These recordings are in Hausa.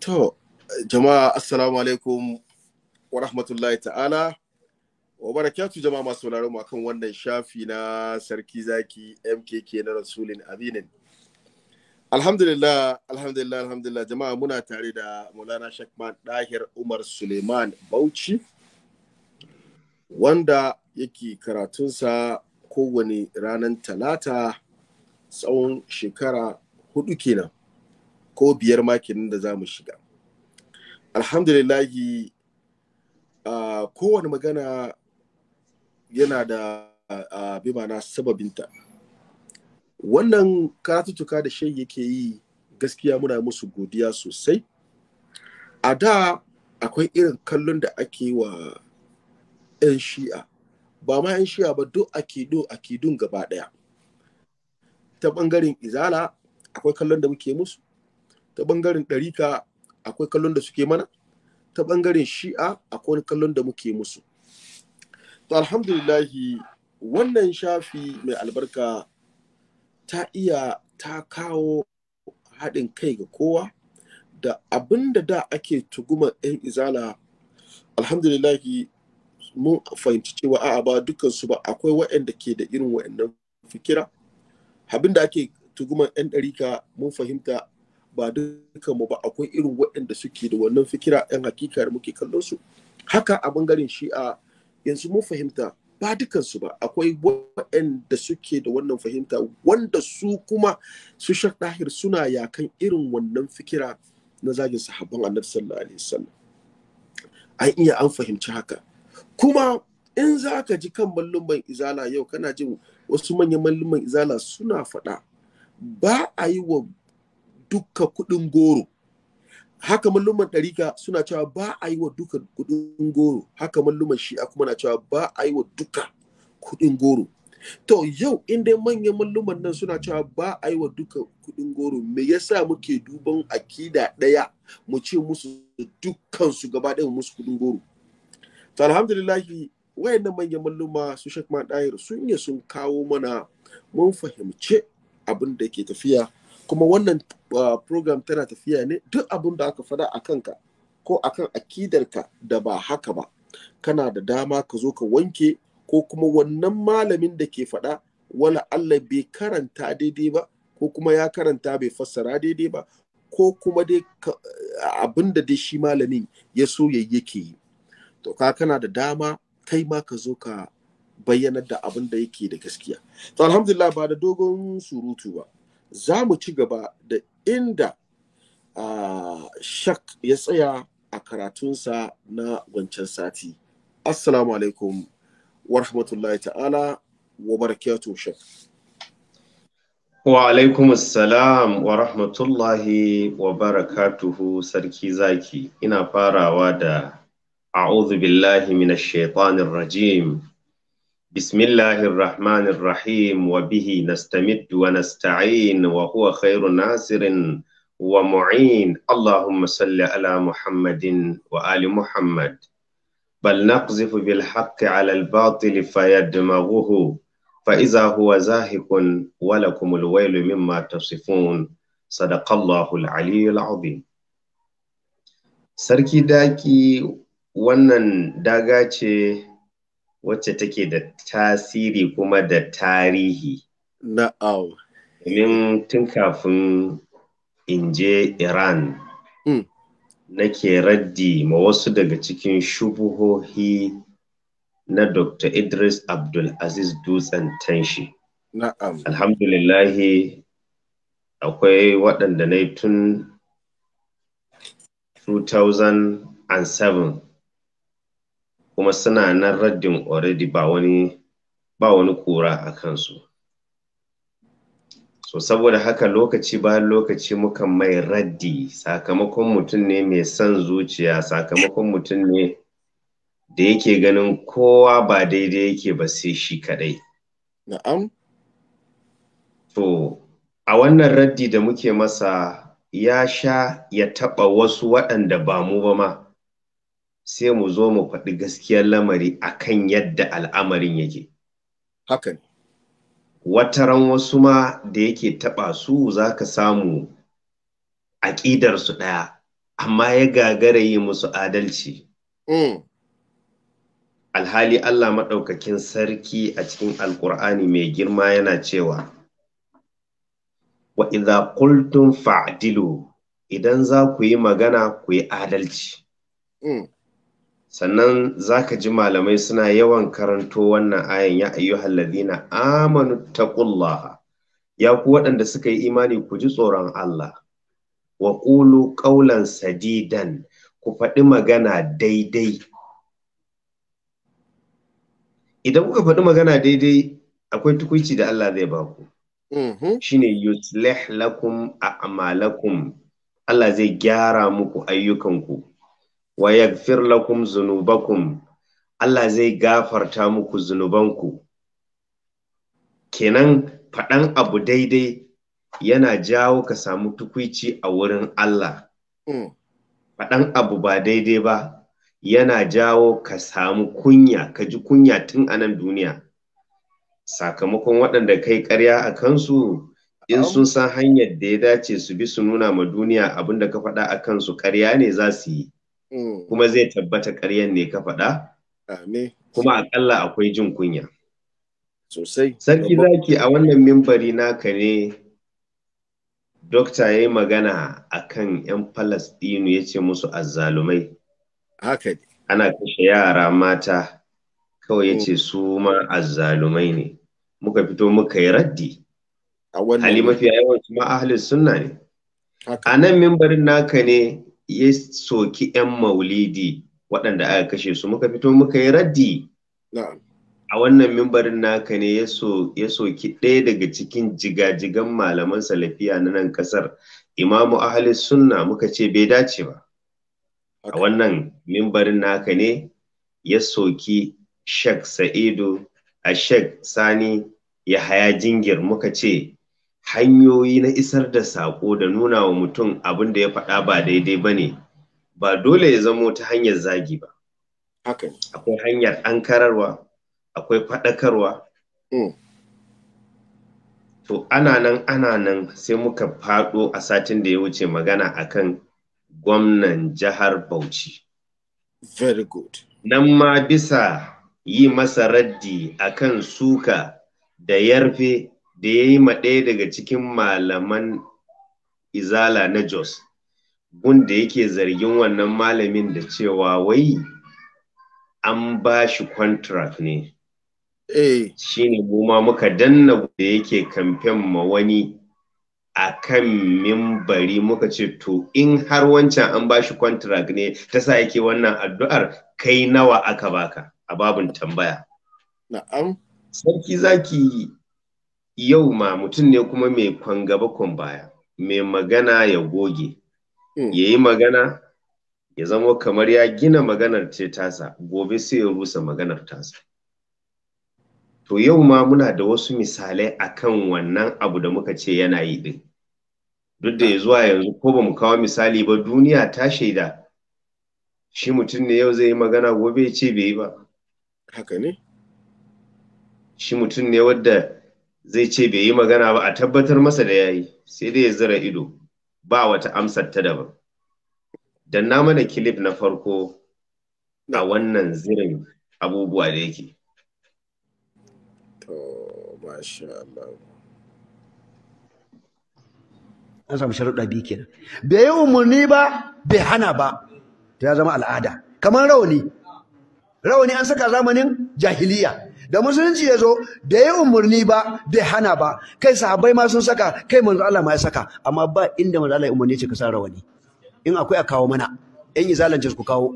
To, jama'a assalamu alaikum wa rahmatullahi ta'ala. Wa barakatu jama'a masu sauraron mu akan wannan shafi na sarki zaki MKK na Rasulin Aminin. Alhamdulillah, alhamdulillah, alhamdulillah jama'a muna tare da Maulana Shakman Dahir Umar Suleiman Bauchi wanda yake karatunsa kowane ranar talata tsawon shekara hudu kenan. ko biyar makinin da za mu shiga alhamdulillahi uh, kowane magana yana da bimana sababinta wannan karatuttuka da shai yake yi gaskiya muna musu godiya sosai a da akwai irin kallon da ake wa 'yan shi'a ba ma 'yan shi'a ba duk akidu akidun gaba ɗaya ta ɓangaren izala akwai kallon da muke musu ta bangaren ɗarika akwai kallon da suke mana ta bangaren shi'a akwai wani kallon da muke musu to alhamdulillahi wannan shafi mai albarka ta iya ta kawo haɗin kai ga kowa da abin da da ake tuguma 'yan izala alhamdulillahi mun fahimci cewa a'a ba dukansu ba akwai waanda ke da irin wa'annan fikira abin da ake tuguman 'yan ɗarika mun fahimta ba duka mu ba akwai irin waɗanda suke da wannan fikira yan hakika da muke kallon su haka a bangaren shi'a yanzu mun fahimta ba dukansu ba akwai waɗanda suke da wannan fahimta wanda su kuma su ɗahir suna yakan irin wannan fikira na zagin sahabban annabi sallallahu alaihi wasallam an iya an fahimci haka kuma in za ka ji kan malluman izala yau kana jin wasu manyan malluman izala suna faɗa ba a yi wa duka kuɗin goro haka malluman ɗarika suna cewa ba a yi wa duka kuɗin goro haka malluman shi'a kuma na cewa ba a yi wa duka kuɗin goro to yau in dai manyan malluman nan suna cewa ba a yi wa duka kuɗin goro me yasa muke duban akida ɗaya mu ce musu dukkan su gaba ɗaya musu kuɗin goro to alhamdulillahi wayannan manyan malluma su Sheikh Madahir sun yi sun kawo mana mun fahimce abin da ke tafiya kuma wannan uh, program tana tafiya ne duk abin da aka faɗa a kanka ko a kan akidarka da ba haka ba kana da dama ka zo ka wanke ko kuma wannan malamin da ke faɗa wala Allah bai karanta daidai ba ko kuma ya karanta bai fassara daidai ba ko kuma dai uh, abin da dai shi malamin ya so ya yake yi to ka kana da dama kai ma ka zo ka bayyanar da abin da yake da gaskiya to alhamdulillah ba da dogon surutu ba za mu ci gaba da inda uh, shak ya tsaya a karatunsa na wancan sati assalamu alaikum wa rahmatullahi ta'ala wa barakatuh shak wa alaikum assalam wa rahmatullahi wa barakatuhu sarki zaki ina farawa da a'udhu billahi minash shaitanir rajim بسم الله الرحمن الرحيم وبه نستمد ونستعين وهو خير ناصر ومعين اللهم صل على محمد وآل محمد بل نقذف بالحق على الباطل فيدمغه فإذا هو زاهق ولكم الويل مما تصفون صدق الله العلي العظيم sarki daki wannan daga ce wacce take da tasiri kuma da tarihi. Na'au. Domin tun kafin in je Iran mm. nake raddi ma wasu daga cikin shubuhohi na Dr. Idris Abdul Aziz Dutsen Tanshi. Na'am. Alhamdulillahi akwai waɗanda na tun 2007 kuma suna nan raddin already ba wani ba wani kura a kansu so saboda haka lokaci bayan lokaci muka mai raddi sakamakon mutum ne mai son zuciya sakamakon mutum ne da yake ganin kowa ba daidai yake ba sai shi kadai na'am to a wannan raddi da muke masa ya sha ya taɓa wasu waɗanda ba mu ba ma sai mu zo mu faɗi gaskiyar lamari a kan yadda al'amarin yake haka ne wataran wasu ma da yake taɓa su za ka samu aƙidarsu ɗaya amma ya gagara yi musu adalci mm. alhali Allah maɗaukakin sarki a cikin Alƙur'ani mai girma yana cewa wa iza kultun fa'dilu idan za ku yi magana ku yi adalci mm. sannan za ka ji malamai suna yawan karanto wannan ayan ya ayyuhal ladina amanu taqullaha ya ku waɗanda suka yi imani ku ji tsoron Allah wa qulu qawlan sadidan ku faɗi magana daidai idan kuka faɗi magana daidai akwai tukuici da Allah zai ba ku mm-hmm. shine yuslih lakum a'malakum Allah zai gyara muku ayyukanku wa yaghfir lakum zunubakum Allah zai gafarta muku zunubanku kenan faɗan abu daidai yana jawo ka samu tukwici a wurin Allah mm. faɗan abu ba daidai ba yana jawo ka samu kunya ka ji kunya tun a nan duniya sakamakon waɗanda kai karya a kansu in sun san hanyar da ya dace su bi su nuna ma duniya abinda ka faɗa a kansu karya ne za su yi Mm. kuma zai tabbata ƙaryar ne ka faɗa kuma aƙalla akwai jin kunya sosai sarki zaki a wannan mimbari naka ne dokta ya yi magana a kan 'yan falastinu ya ce musu azzalumai haka ne ana kashe yara mata kawai ya ce mm. su ma azzalumai ne muka fito muka yi raddi hali mafi yawan ma ahalin sunna ne a nan mimbarin naka ne ya soki 'yan maulidi waɗanda aka kashe su muka fito muka yi raddi a wannan mimbarin naka ne ya soki ɗaya daga cikin jigajigan malaman salafiya na nan ƙasar imamu ahli sunna muka ce bai dace ba a wannan mimbarin naka ne ya soki shek sa'idu a shek sani ya haya jingir muka ce hanyoyi na isar da saƙo da nuna wa mutum abin da ya faɗa ba daidai ba ne ba dole ya zamo ta hanyar zagi ba akwai hanyar ankararwa akwai faɗakarwa mm. to ana nan ana nan sai muka faɗo a satin da ya wuce magana akan gwamnan jihar bauchi very good nan ma bisa yi masa raddi akan suka da yarfe da ya yi ma ɗaya daga cikin malaman izala na Jos, da yake zargin wannan malamin da cewa wai an ba shi contract ne. Eh. Shi ne ma muka danna da yake kamfen ma wani a kan mimbari muka ce to in har wancan an ba shi contract ne ta sa yake wannan addu'ar kai nawa aka baka a babin tambaya. Na'am. Sarki zaki yau ma mutum ne kuma mai kwangaba kwan baya mai magana ya goge hmm. ya yi magana ya zama kamar ya gina maganar ce tasa gobe sai ya rusa maganar tasa to yau ma muna da wasu misalai a kan wannan abu da muka ce yana yi din duk da zuwa yanzu ko ba mu kawo misali ba duniya ta shaida shi mutum ne yau zai yi magana gobe ce bai yi ba shi mutum ne wadda zai ce bai yi magana ba a tabbatar masa da yayi sai dai ya zira ido ba wata amsar ta daban na mana kilif na farko a wannan zirin abubuwa da yake to masha Allah an samu sharuɗa biyu kenan bai yi umarni ba bai hana ba ya zama al'ada kamar rawani rawani an saka zamanin jahiliya da musulunci ya zo da ya umarni ba bai hana ba kai sahabbai ma sun saka kai manzo Allah ma ya saka amma ba inda manzo Allah ya umarni ce ka sa rawani in akwai a kawo mana yan izalance ku kawo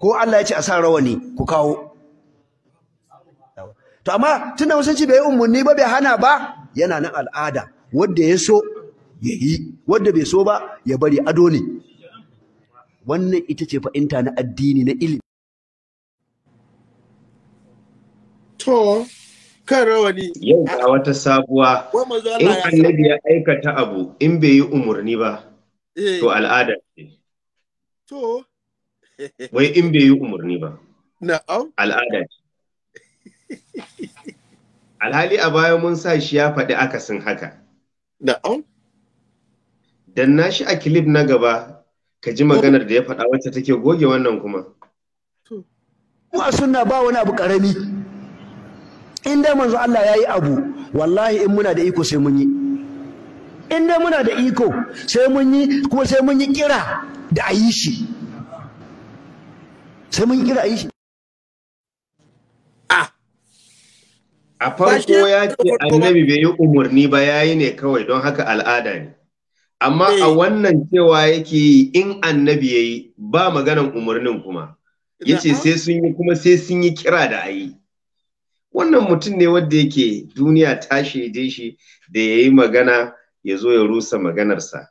ko Allah ya ce a sa rawani ku kawo to amma tunda musulunci bai umarni ba bai hana ba yana nan al'ada wanda ya so ya yi wanda bai so ba ya bari ado ne wannan ita ce fa'inta na addini na ilimi To, kan rawani. Yau ga wata sabuwa. In annabi ya aikata abu in bai yi umarni ba, eh. to al'ada ce. To. Wai in bai yi umarni ba. Na'am. Al'ada ce. Alhali a baya mun sa shi ya faɗi akasin haka. Na'am. Dan na shi a kilif na gaba, ka ji maganar da ya faɗa wacce take goge wannan kuma. Kuma suna ba wani abu ƙarami. in dai manzo Allah ya yi abu wallahi in muna da iko sai mun yi in dai muna da iko sai mun yi kuma sai mun yi kira da a yi shi sai mun kira a yi shi ah! a farko ya ce annabi bai yi umarni ba ya yi ne kawai don haka al'ada ne amma a eh. wannan cewa yake yi in annabi ya yi ba maganan umarnin kuma ya ce sai sun yi kuma sai sun yi kira da a yi wannan mutum ne wanda yake duniya ta shaide shi da ya yi magana ya zo ya rusa maganarsa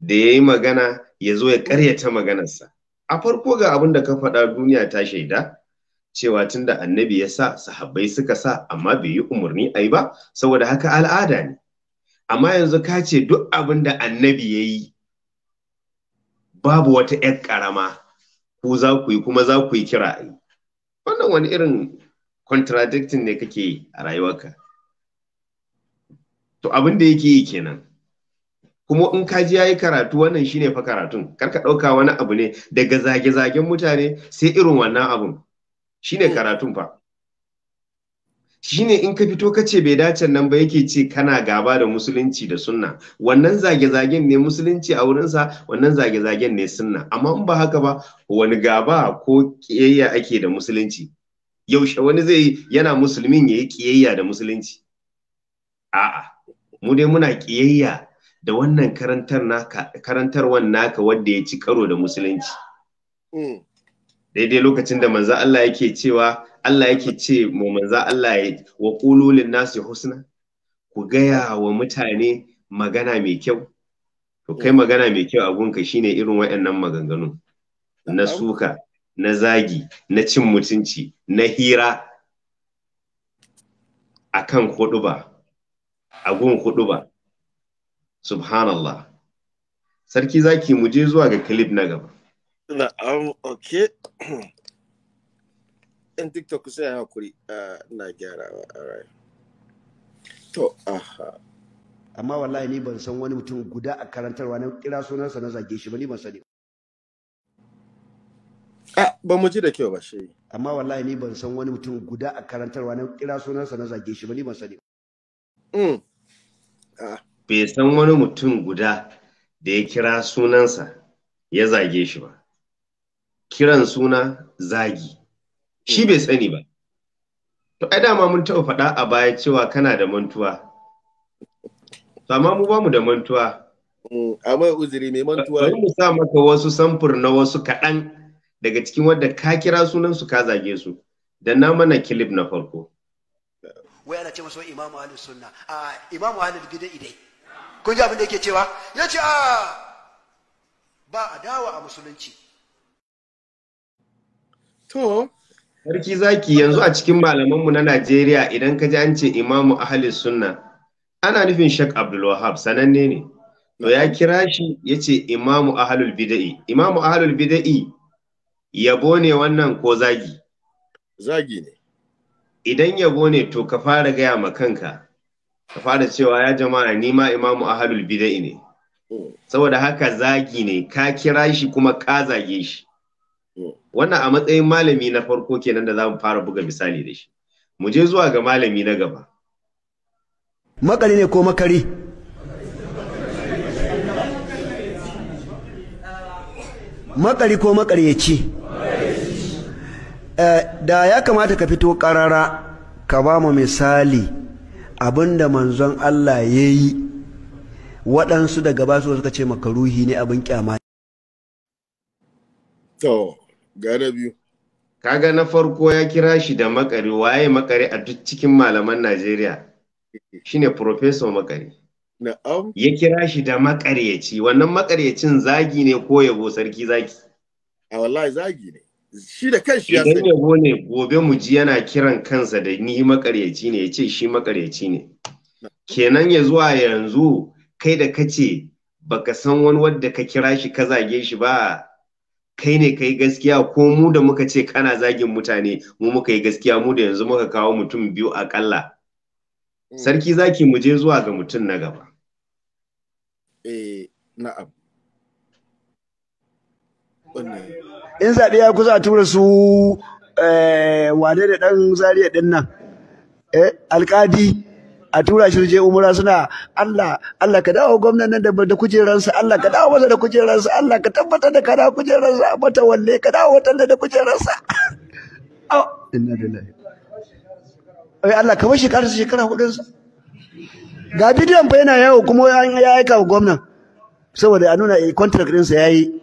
da ya yi magana ya zo ya karyata maganarsa a farko ga abin da ka faɗa duniya ta shaida cewa tunda annabi ya sa sahabbai suka sa amma bai yi umarni a ba saboda haka al'ada ne amma yanzu ka ce duk abin da annabi ya yi babu wata 'yar ƙarama ku za ku yi kuma za ku yi kira wannan wani irin contradicting ne kake yi a rayuwarka to abin da yake yi kenan kuma in ka ji yayi karatu wannan shine fa karatun kar ka ɗauka wani abu ne daga zage-zagen mutane sai irin wannan abun shine hmm. karatun fa shine in ka fito kace bai dace nan ba yake ce kana gaba da musulunci da sunna wannan zage-zagen ne musulunci a wurinsa wannan zage-zagen ne sunna amma in ba haka ba wani gaba ko kiyayya ake da musulunci yaushe wani zai yana musulmin ya yi kiyayya da musulunci a'a mu dai muna kiyayya da wannan karantar naka karantarwan naka wanda ya ci karo da musulunci mm. daidai lokacin da manzo Allah yake cewa Allah yake ce mu manzo Allah ya wa qululin nasi husna ku gaya wa mutane magana mai kyau to kai mm. magana mai kyau a gunka shine irin waɗannan maganganu. na suka na zagi na cin mutunci na hira a kan ba, a gun ba, subhanallah sarki zaki mu je zuwa ga clip na gaba na'am um, okay In tiktok sai hakuri ah, na gyarawa alright to aha amma wallahi ni ban san wani mutum guda a karantarwa na kira sunansa na zage shi ba ni ban sani Ah, ba mu ji da kyau ba shi amma wallahi ni ban san wani mutum guda a karantarwa na kira sunansa na zage shi ba ni ban sani hmm. ah. bai san wani mutum guda da ya kira sunansa ya zage shi ba kiran suna zagi shi hmm. bai sani ba to ai dama mun taɓa faɗa a baya cewa kana da mantuwa amma mu ba mu da mantuwa hmm. amma uzuri mai mantuwa bari mu sa maka wasu samfur na wasu kaɗan daga cikin wadda ka kira sunan su ka zage su da na mana kilif na farko wai ana ce masu imamu ahlus sunna a imamu halin bid'a dai kun ji abin da yake cewa Ya ce a ba a dawa a musulunci to sarki zaki yanzu a cikin malamanmu na Najeriya idan ka ji an ce imamu ahlus sunna ana nufin Sheikh Abdul Wahab sananne ne to ya kira shi yace imamu ahlul bid'a imamu ahlul bid'a yabo ne wannan ko zagi zagi ne idan yabo ne to ka fara gaya ma kanka ka fara cewa ya jama'a ni ma imamu ahalul bida'i ne hmm. saboda haka zagi ne ka kira shi kuma ka zage shi hmm. wannan a matsayin malami na farko kenan da za mu fara buga misali da shi mu je zuwa ga malami na gaba makari ne ko makari makari ko makaryaci Eh, da ya kamata ka fito karara ka ba mu misali abinda manzon Allah ya yi waɗansu daga basu suka ce makaruhi ne abin kyama to gane biyu kaga na farko ya kira shi da makari waye makari a duk cikin malaman Najeriya shine professor makari na'am ya kira shi da makaryaci wannan makaryacin zagi ne ko yabo sarki zaki a wallahi zagi ne shi da shi ya sani idan yabo gobe mu ji yana kiran kansa da ni makaryaci ne ya ce shi makaryaci ne kenan ya zuwa yanzu kai da kace baka san wani wadda ka kira shi ka zage shi ba kai ne kai gaskiya ko mu da muka ce kana zagin mutane mu muka yi gaskiya mu da yanzu muka kawo mutum biyu akalla mm. sarki zaki mu je zuwa ga mutum na gaba eh na'am in zaɓe ya kusa a tura su eh, wane da ɗan zariya ɗin nan eh, alƙadi a tura shi je umura suna Allah Allah ka dawo gwamnan nan da kujeransa Allah ka dawo masa da kujeransa Allah ka tabbatar da kana dawo kujeransa mata walle ka dawo watan da kujeransa au oh, inna lillahi ai eh, Allah ka bashi karsa shekara hudun sa ga bidiyon fa yana yawo kuma ya aika wa gwamnan saboda a nuna contract ɗinsa yayi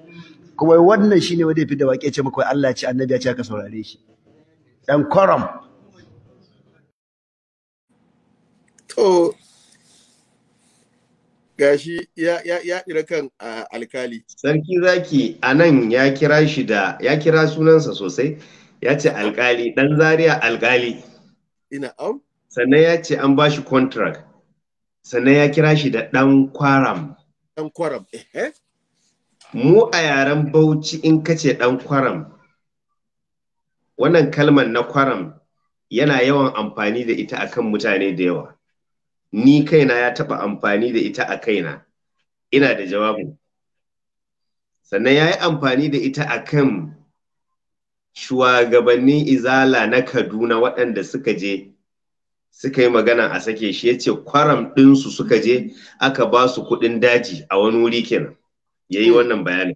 kuma wannan shi ne wanda ya fi da waƙe ce muku Allah ce annabi ya ce aka saurare shi dan kwaram to gashi ya ya ya kan alkali sarki zaki nan ya kira shi da ya kira sunansa sosai ya ce alkali ɗan zaria alkali ina am sannan ya ce an ba shi contract sannan ya kira shi da ɗan kwaram ɗan kwaram eh mu a yaren bauchi in ka ce ɗan kwaram wannan kalmar na kwaram yana yawan amfani da ita akan mutane da yawa ni kaina ya taɓa amfani da ita a kaina ina da jawabin sannan ya yi amfani da ita akan shugabannin izala na kaduna waɗanda suka je suka yi magana a sake shi ya ce kwaram ɗinsu suka je aka ba su kuɗin daji a wani wuri kenan ya yi hmm. wannan bayanin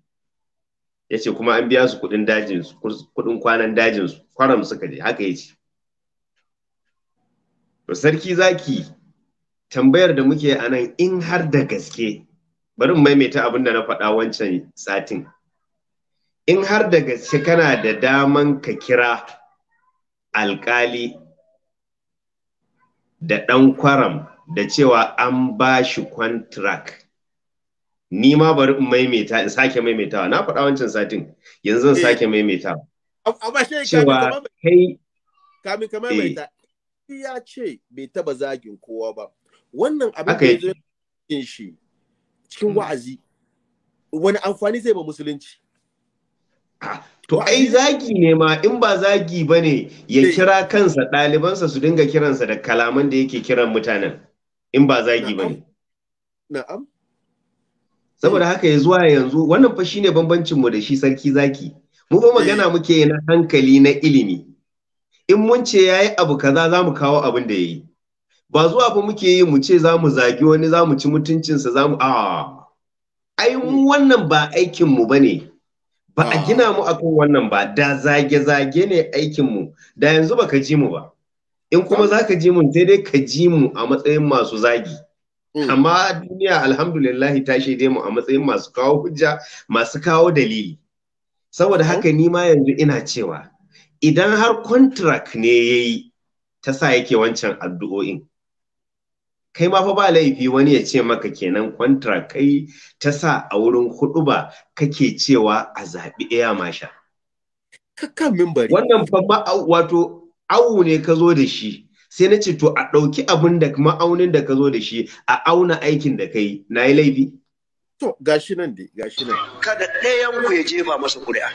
ya ce kuma an biya su kudin dajin su kudin kwanan dajin su kwaram suka je haka ya ce to sarki zaki tambayar da muke a nan in har da gaske bari maimaita abin da na faɗa wancan satin in har da gaske kana da daman ka kira alkali da ɗan kwaram da cewa an ba shi contract ni ma bari in maimaita in sake maimaitawa na faɗa wancan satin yanzu zan eh. sake maimaita amma shi cewa kai kamin ka eh. maimaita ya ce bai taba zagin kowa ba wannan abin da yazo cikin shi cikin hmm. wa'azi wani amfani zai ba musulunci ah, To ai zagi ne ma in ba zagi ba ne ya eh. kira kansa ɗalibansa su dinga kiransa da kalaman da yake kiran mutanen in ba zagi ba ne. Na'am. saboda haka ya zuwa yanzu wannan fa shine bambancin mu da shi sarki zaki mu ba magana eh. muke na hankali na ilimi in mun ce yayi abu kaza za mu kawo abin da yayi ba zuwa fa muke yi mu ce za mu zagi wani za mu ci mutuncinsa za mu a ai mu eh. wannan ba aikin mu bane ba a ah. gina mu akan wannan ba da zage zage ne aikin mu da yanzu baka ji mu ba in kuma ah. zaka ji mu sai dai ka ji mu a matsayin masu zagi Mm. amma duniya alhamdulillahi ta shaide mu a matsayin masu kawo hujja masu kawo dalili saboda mm. haka ni ma yanzu ina cewa idan har contract ne yayi ta sa yake wancan addu'o'in kai ma fa ba laifi wani ya ce maka kenan contract kai ta sa a wurin huɗuba kake cewa a zaɓi iya masha wannan fa wato awu ne ka zo da shi sai na ce to a ɗauki abin da ma'aunin da ka zo da shi a auna aikin da kai na yi laifi to gashi nan dai gashi nan kada ɗayan ku ya jefa masa ƙuri'a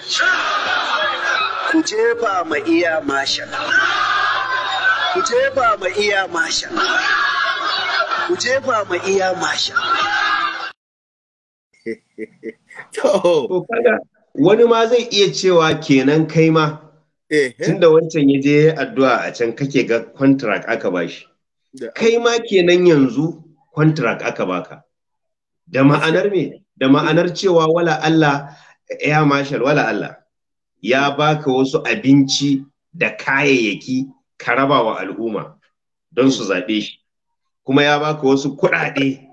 ku jefa ma iya masha ku jefa ma iya masha ku jefa ma iya masha to wani ma zai iya cewa kenan kai ma Tunda wancan ya je addu'a a can kake ga contract aka bashi. Kai ma kenan yanzu contract aka baka. Da ma'anar me? Da ma'anar cewa wala Allah ya mashal wala Allah ya baka wasu abinci da kayayyaki ka raba wa al'umma don su zaɓe shi. Kuma ya baka wasu kuɗaɗe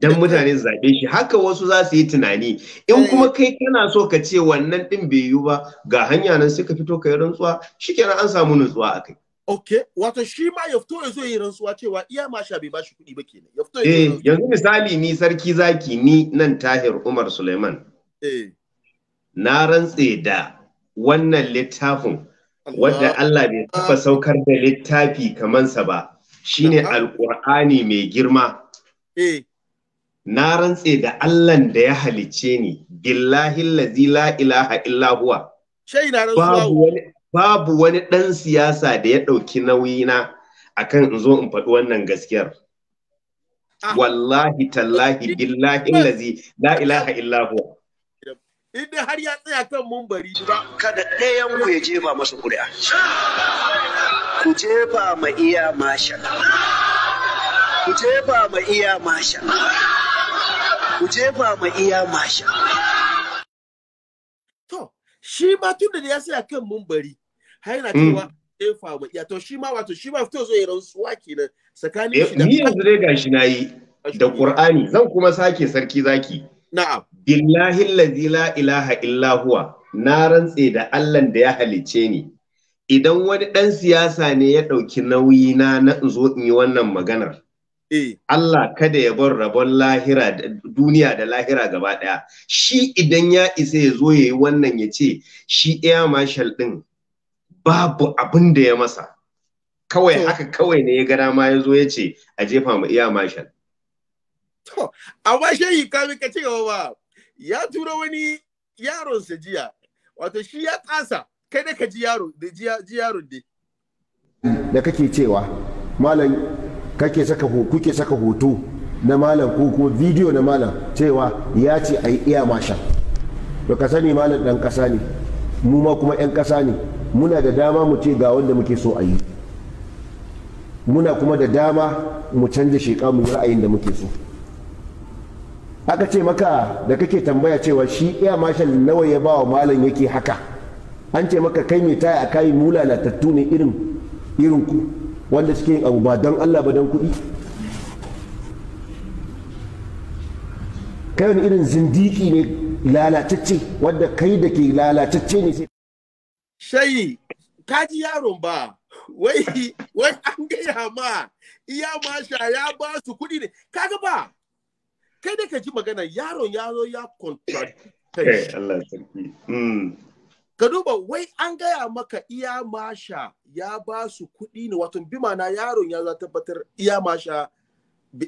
dan mutane zaɓe shi haka wasu za su yi tunani in kuma eh. kai kana so ka ce wannan ɗin bai yiwu ba ga hanya nan sai fito ka yi rantsuwa shi kenan an samu nutsuwa a kai Ok, wato shi ma ya fito ya zo yi rantsuwa cewa iya ma sha bai bashi kuɗi ba kenan. Ya fito eh, yanzu misali ni sarki zaki ni nan Tahir Umar Suleiman. Eh. Na rantse da wannan littafin wadda Allah bai taɓa saukar da littafi kamansa ba shine Alƙur'ani mai girma. Eh. na rantse da Allahn da ya halicce ni billahi lazi la ilaha illa huwa babu wani babu wani dan siyasa da ya dauki nauyi na akan in zo in faɗi wannan gaskiyar ah. wallahi tallahi billahi lazi la ilaha illa huwa idan har ya tsaya kan mumbari kada ɗayan ku ya jefa masa kuri'a. ku jefa ma iya masha ku jefa ma iya masha ku jefa ma iya masha to shi ma tun da ya sai kan mumbari har yana mm. cewa jefa ma iya to shi ma wato shi ma fito zai rantsuwa kenan tsakanin eh, shi da ni yanzu dai gashi nayi da Qur'ani zan kuma sake sarki zaki na'am billahi allazi la ilaha illa huwa na rantse da Allah da ya halice ni idan wani ɗan siyasa ne ya ɗauki nauyi na na in zo in yi wannan maganar Eh. Allah kada ya bar rabon lahira duniya da lahira gaba ɗaya shi idan ya isa ya zo ya yi wannan ya ce shi iya marshal ɗin babu abin da ya masa kawai haka kawai ne ya gada ma ya zo ya ce a jefa mu iya marshal To, amma shehi kamin ka ci gaba ba, ya tura wani yaronsa jiya, wato shi ya tsasa, kai da ka ji yaro, da ji yaron Da kake cewa, malam kake saka kuke saka hoto na malam ko ko bidiyo na malam cewa ya ce a yi iya masha to ka sani malam dan kasa ne mu ma kuma 'yan kasa ne muna da dama mu ce ga wanda muke so a yi muna kuma da dama mu canza sheka mu ra'ayin da muke so aka ce maka da kake tambaya cewa shi iya mashan nawa ya ba wa malam yake haka an ce maka kai mai taya a kayi mulalatattu ne irin irin ku wanda suke yin abu ba don Allah ba don kuɗi kai wani irin zindiki ne lalatacce wadda kai da ke lalatacce ne sai kaji yaron ba wai wai an gaya ma iya masha ya ba su kuɗi ne kaga ba kai da ka ji magana yaron yaro ya contradict eh, Allah ka duba wai an gaya maka iya masha ya ba su kuɗi ne wato bi mana yaron ya za tabbatar iya masha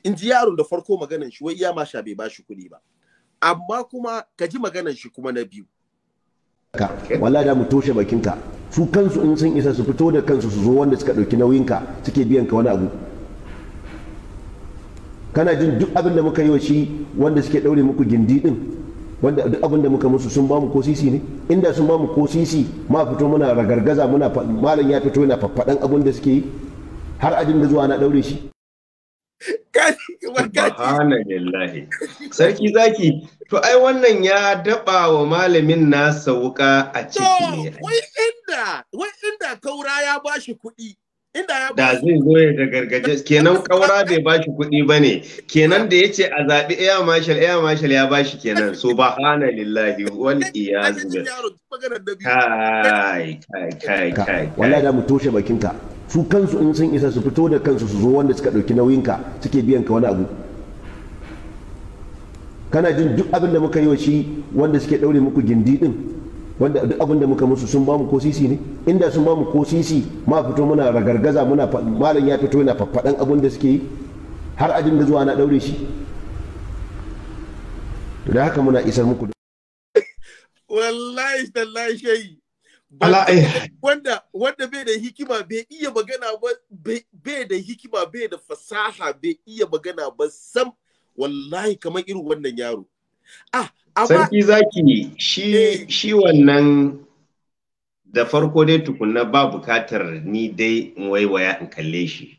in ji yaron da farko maganan shi wai iya masha bai ba shi kuɗi ba amma kuma ka ji maganan shi kuma na biyu ka wala da mu toshe bakinka su kansu in sun isa su fito da kansu su zo wanda suka ɗauki nauyinka suke biyan ka wani abu kana jin duk abin da muka yi wa shi wanda suke ɗaure muku gindi din wanda duk abin da muka musu sun bamu ko sisi ne inda sun bamu ko sisi ma fito muna ragargaza muna malam ya fito yana faffadan abin da suke yi har ajin da zuwa na daure shi sarki zaki to ai wannan ya daba wa malamin nasa wuka a ciki wai inda wai inda kaura ya bashi kuɗi da zai zo ya da gargaje kenan kaura bai ba shi kuɗi ba ne kenan da ya ce a zaɓi air marshal air marshal ya ba shi kenan so ba hana lillahi wal iyazu kai kai kai kai wallahi da mu toshe bakinka su kansu in sun isa su fito da kansu su zo wanda suka ɗauki nauyinka suke biyan ka wani abu kana jin duk abin da muka yi wa shi wanda suke ɗaure muku gindi din wanda duk abin da muka musu sun bamu ko sisi ne inda sun bamu ko sisi ma fito muna ragargaza muna malam ya fito yana faffaɗan abin da suke yi har ajin da zuwa na ɗaure shi to da haka muna isar muku wallahi tallahi shayi eh. wanda wanda bai da hikima bai iya magana ba bai da hikima bai da fasaha bai iya magana ba sam wallahi kamar irin wannan yaro ah Sarki zaki shi eh. shi wannan da farko dai tukunna ba bukatar ni dai in waiwaya in kalle shi.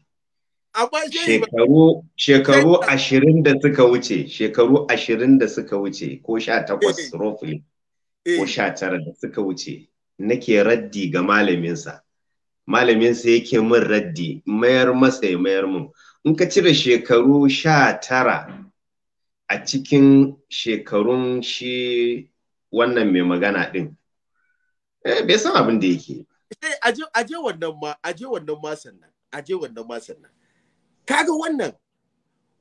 Shekaru ashirin da suka wuce, shekaru ashirin da suka wuce ko sha takwas eh. roughly eh. ko sha tara da suka wuce nake raddi ga malaminsa. Malaminsa yake min raddi mayar masa ya mayar mun. In ka cire shekaru sha tara a cikin shekarun shi wannan mai magana ɗin. Eh, bai san abin da yake. Eh, aje wannan ma, aje wannan ma sannan, aje wannan ma sannan. Kaga wannan,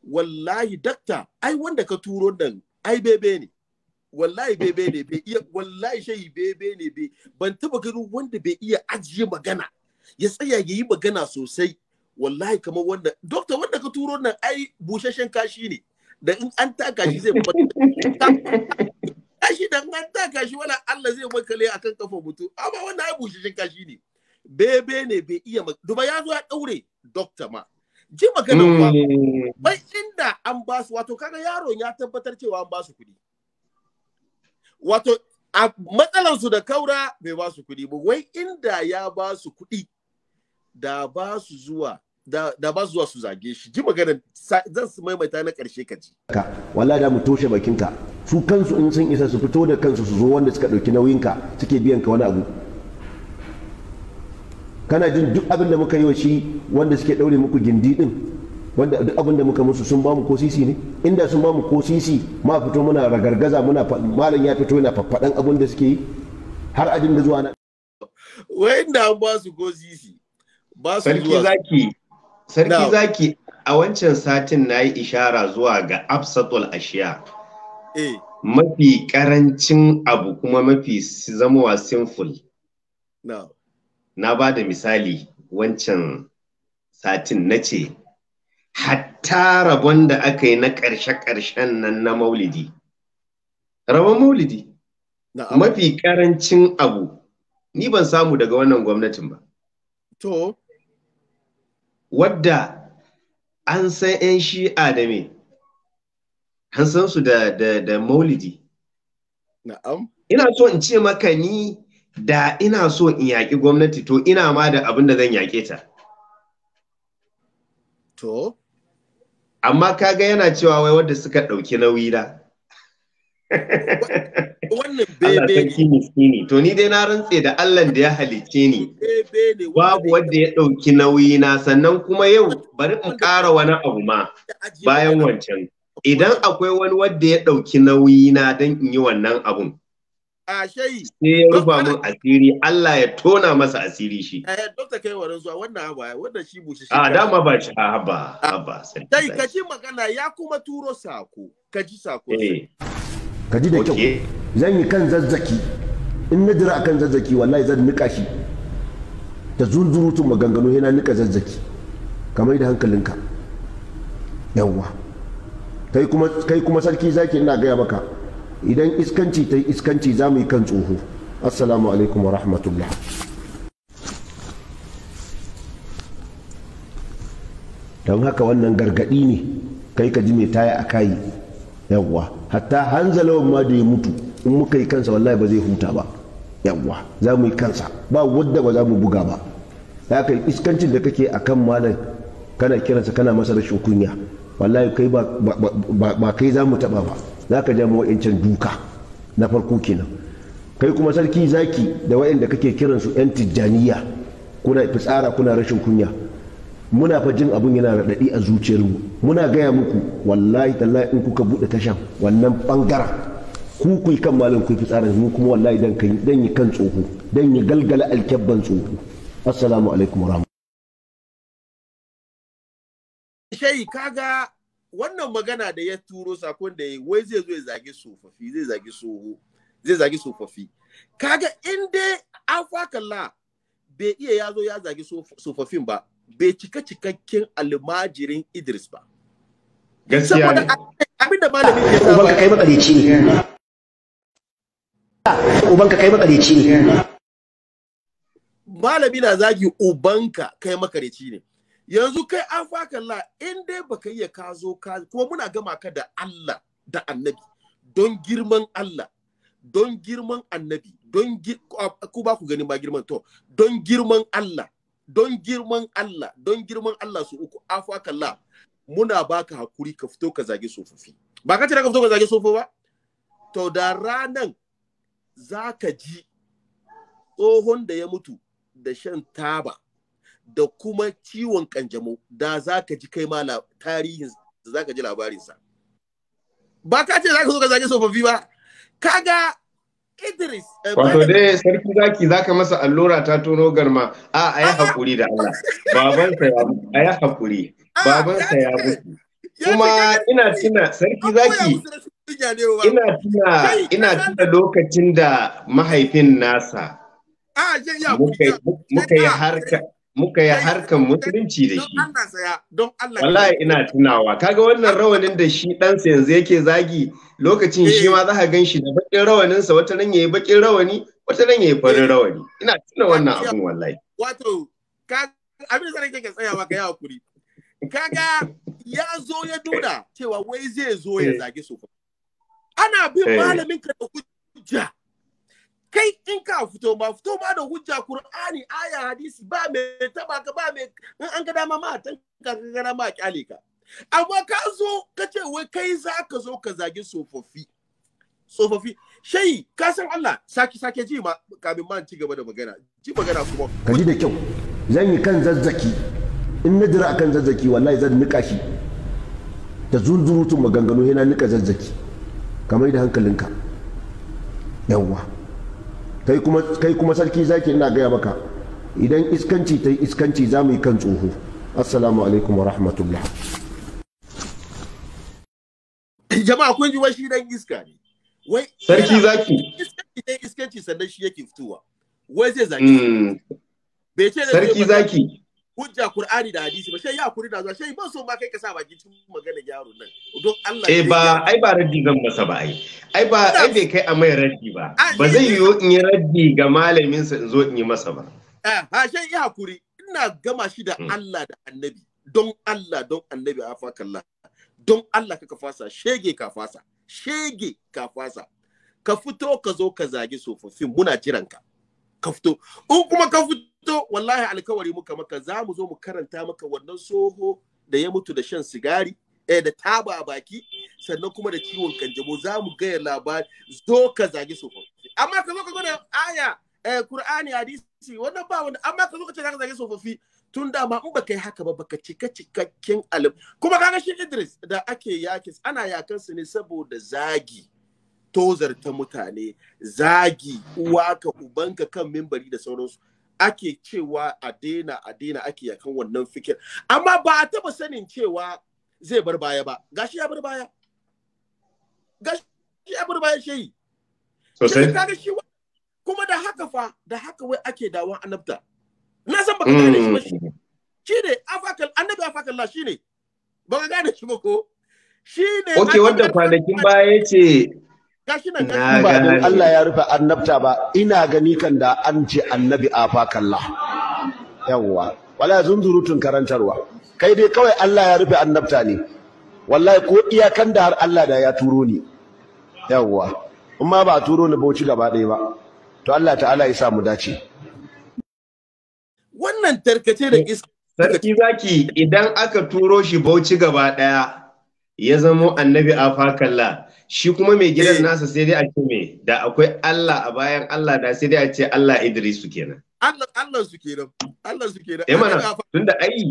wallahi dakta, ai wanda ka turo nan, ai bebe ne. Wallahi bebe ne, bai iya, wallahi shayi bebe ne, bai, ban taba ganin wanda bai iya ajiye magana, ya tsaya ya yi magana sosai. Wallahi kamar wannan, dokta wanda ka turo nan, ai busasshen kashi ne. da in an taka shi zai kashi da in an taka shi wala Allah zai makale akan kafa mutu amma wannan ai busheshin kashi ne bebe ne bai iya duba ya zo ya daure doctor ma ji magana ba bai hmm. inda an ba su wato kaga yaron ya tabbatar cewa an ba su kuɗi wato a su da kaura bai ba su kuɗi ba wai inda ya ba su kuɗi da ba su zuwa da ba zuwa su zage shi ji magana zan su maimaita na karshe ka ji wala da mu toshe bakinka su kansu in sun isa su fito da kansu su zo wanda suka dauki nauyinka suke biyan ka wani abu kana jin duk abin da muka yi wa shi wanda suke daure muku gindi din wanda duk abin da muka musu sun bamu ko sisi ne inda sun bamu ko sisi ma fito muna ragargaza muna malam ya fito yana faffadan abin da suke yi har a dinga zuwa na wai inda an ba su ko sisi ba su zuwa sarki zaki Sarki zaki a wancan satin na yi ishara zuwa ga absatul ashiya. Eh. Mafi karancin abu kuma mafi zamowa sinful. No. Na ba da misali wancan satin na ce, hatta rabon da aka yi na ƙarshe-ƙarshen nan na maulidi. Rabon maulidi. No. Mafi karancin abu, ni ban samu daga wannan gwamnatin ba. To. wadda an san 'yan shi'a da an san su da, da, maulidi na'am ina so in ce maka ni da ina so in yaƙi gwamnati to ina ma da abin da zan yaƙe ta to amma kaga yana cewa wai wadda suka ɗauki nauyi da wannan bebe ne to ni dai na rantse da Allah da ya halice ni babu wanda ya ɗauki nauyi na sannan kuma yau bari in ƙara wani abu ma bayan wancan idan akwai wani wanda ya ɗauki nauyi na don in yi wannan abun sai ya rufa min asiri Allah ya tona masa asiri shi eh dokta kai wa zuwa wannan haba wannan shi bushe shi a dama ba shi haba haba sai kaji magana ya kuma turo sako kaji sako eh. ka ji da kyau zan yi kan zazzaki in na jira kan zazzaki wallahi zan nika shi da zunzurutun maganganu yana nika zazzaki kamar da hankalinka yawwa kai kuma sarki zaki ina gaya maka idan iskanci ta iskanci za mu yi kan tsoho assalamu alaikum wa rahmatullah don haka wannan gargaɗi ne kai ka ji mai taya a kayi yawwa hatta hanzalawan ma da ya mutu in muka yi kansa wallahi ba zai huta ba yawwa za mu yi kansa ba wadda ba za mu buga ba ya kai iskancin da kake a kan malam kana kiransa kana masa rashin kunya wallahi kai ba kai za mu taba ba za ka ja wa'yancan duka na farko kenan kai kuma sarki zaki da wa'yanda kake kiransu 'yan tijjaniya kuna fitsara kuna rashin kunya muna fa jin abun yana raɗaɗi a zuciyarmu muna gaya muku wallahi tallahi in kuka buɗe tashan wannan bangara ku kuyi kan malam ku fi tsarin mu kuma wallahi dan kai dan yi kan tsoho dan yi galgala alkebban tsoho assalamu alaikum wa shayi kaga wannan magana da ya turo sakon da ya wai zai zo ya zagi tsofaffi zai zage soho zai zage kaga in dai afakalla bai iya ya zo ya zagi tsofaffin ba bai cika cikakken almajirin Idris ba. Gaskiya ne. malamin ya saba. Ubanka kai makareci ne. Ubanka kai ne. Malami na zagi ubanka kai makareci ne. Yanzu kai an fakalla in dai baka iya ka zo ka kuma muna gama ka da Allah da annabi don girman Allah don girman annabi don ku ba ku gani girman to don girman Allah don girman Allah don girman Allah su uku afakallah muna baka hakuri ka fito ka zage tsofaffi ba ka tira ka fito ka zage tsofo ba to da ranan za ji tsohon da ya mutu da shan taba da kuma ciwon kanjamau da za ka ji kai ma tarihin za ka ji labarinsa ba ka ce za ka zo ka zage tsofaffi ba kaga Idris. Eh, Wato dai sarki zaki zaka masa allura ta tono garma a a yi hakuri da Allah. Baban sa ya a yi hakuri. Baban sa ya mutu. Kuma ina tuna sarki zaki ina tuna ina tuna lokacin da mahaifin nasa muka yi harka muka yi harkan musulunci da shi. Wallahi ina tunawa. Kaga wannan rawanin da shi ɗansa yanzu yake zagi lokacin shi eh. ma za ka gan shi da baƙin rawaninsa wata ya yayi baƙin rawani wata ya yayi farin eh. rawani. Ina tuna wannan abun wallahi. Wato ka abin da nake tsayawa ka yi hakuri. Kaga ya zo ya nuna cewa wai zai zo ya eh. zagi su. Ana bin malamin ka da hujja. kai in ka fito ma fito ma da hujja Qur'ani aya hadisi ba mai taba ka ba mai in an ga dama ma tan ka ga dama kyale ka amma ka zo ka ce wai kai za ka zo ka zagi tsofaffi sofofi shayi ka san Allah saki sake ji ma kamin ma ci gaba da magana ji magana kuma ka ji da kyau zan yi kan zazzaki in na jira akan zazzaki wallahi zan nika shi da zunzurutun maganganu yana nika zazzaki kamar da hankalinka yawwa kai kuma sarki zaki ina gaya maka idan iskanci ta iskanci za mu yi kan tsoho assalamu alaikum wa rahmatullah jama'a kun ji wai shi dan iska ne wai sarki zaki iskanci ta iskanci sannan shi yake fitowa wai zai zaki hmm. sarki zaki hujja Qur'ani da hadisi ba sai ya kuri da zuwa sai ban so ma kai ka sa baki cikin magana yaro nan don Allah eh ba ai ba raddi zan masa ba ai ai ba ai bai kai a mai raddi ba ba zai yiwu in yi raddi ga malamin sa in zo in yi masa ba eh ha sai ya kuri ina gama shi da hmm. Allah da Annabi don Allah don Annabi afakallah don Allah ka fasa shege ka fasa shege ka fasa ka fito ka zo ka zagi tsofaffin muna jiran ka ka fito in kuma ka fito to wallahi alkawari muka maka za mu zo mu karanta maka wannan soho da ya mutu da shan sigari eh da taba a baki sannan kuma da ciwon kanjamo za mu gaya labari zo ka zagi soho amma ka zo ka gwada aya eh qur'ani hadisi wannan ba wanda amma ka zo ka ce za ka zagi tsofaffi tun da ma in baka yi haka ba baka cika cikakken alim kuma kaga shi Idris da ake yakin ana yakan su ne saboda zagi tozar ta mutane zagi uwa ka ubanka kan mimbari da sauransu ake cewa a daina a daina ake yakan wannan fikir amma ba a taba sanin cewa zai bar baya ba gashi ya bar baya gashi ya bar baya shi sosai kaga shi kuma da haka fa da haka wai ake dawon annabta na san baka gane shi ba mm. shi ne afakal annabi afakal ne baka gane shi ba ko shi ne. okay wanda kwanakin baya ce gashi nan ba dan Allah ya rufe annabta ba ina gani kan da an ce annabi a fakalla yawwa wala zunzurutun karantarwa kai dai kawai Allah ya rufe annabta ne wallahi ko iyakan da har Allah da ya turo ni yawwa in ma ba turo ni bauchi gaba ɗaya ba to Allah ta'ala ya sa mu dace wannan tarkace da iska sarki zaki idan aka turo shi bauchi gaba ɗaya ya zamo annabi a fakalla shi kuma mai gidan eh. nasa sai dai a ce me da akwai Allah a bayan Allah da sai dai a ce Allah su kenan Allah Allah su kenan Allah su kenan eh mana tunda ai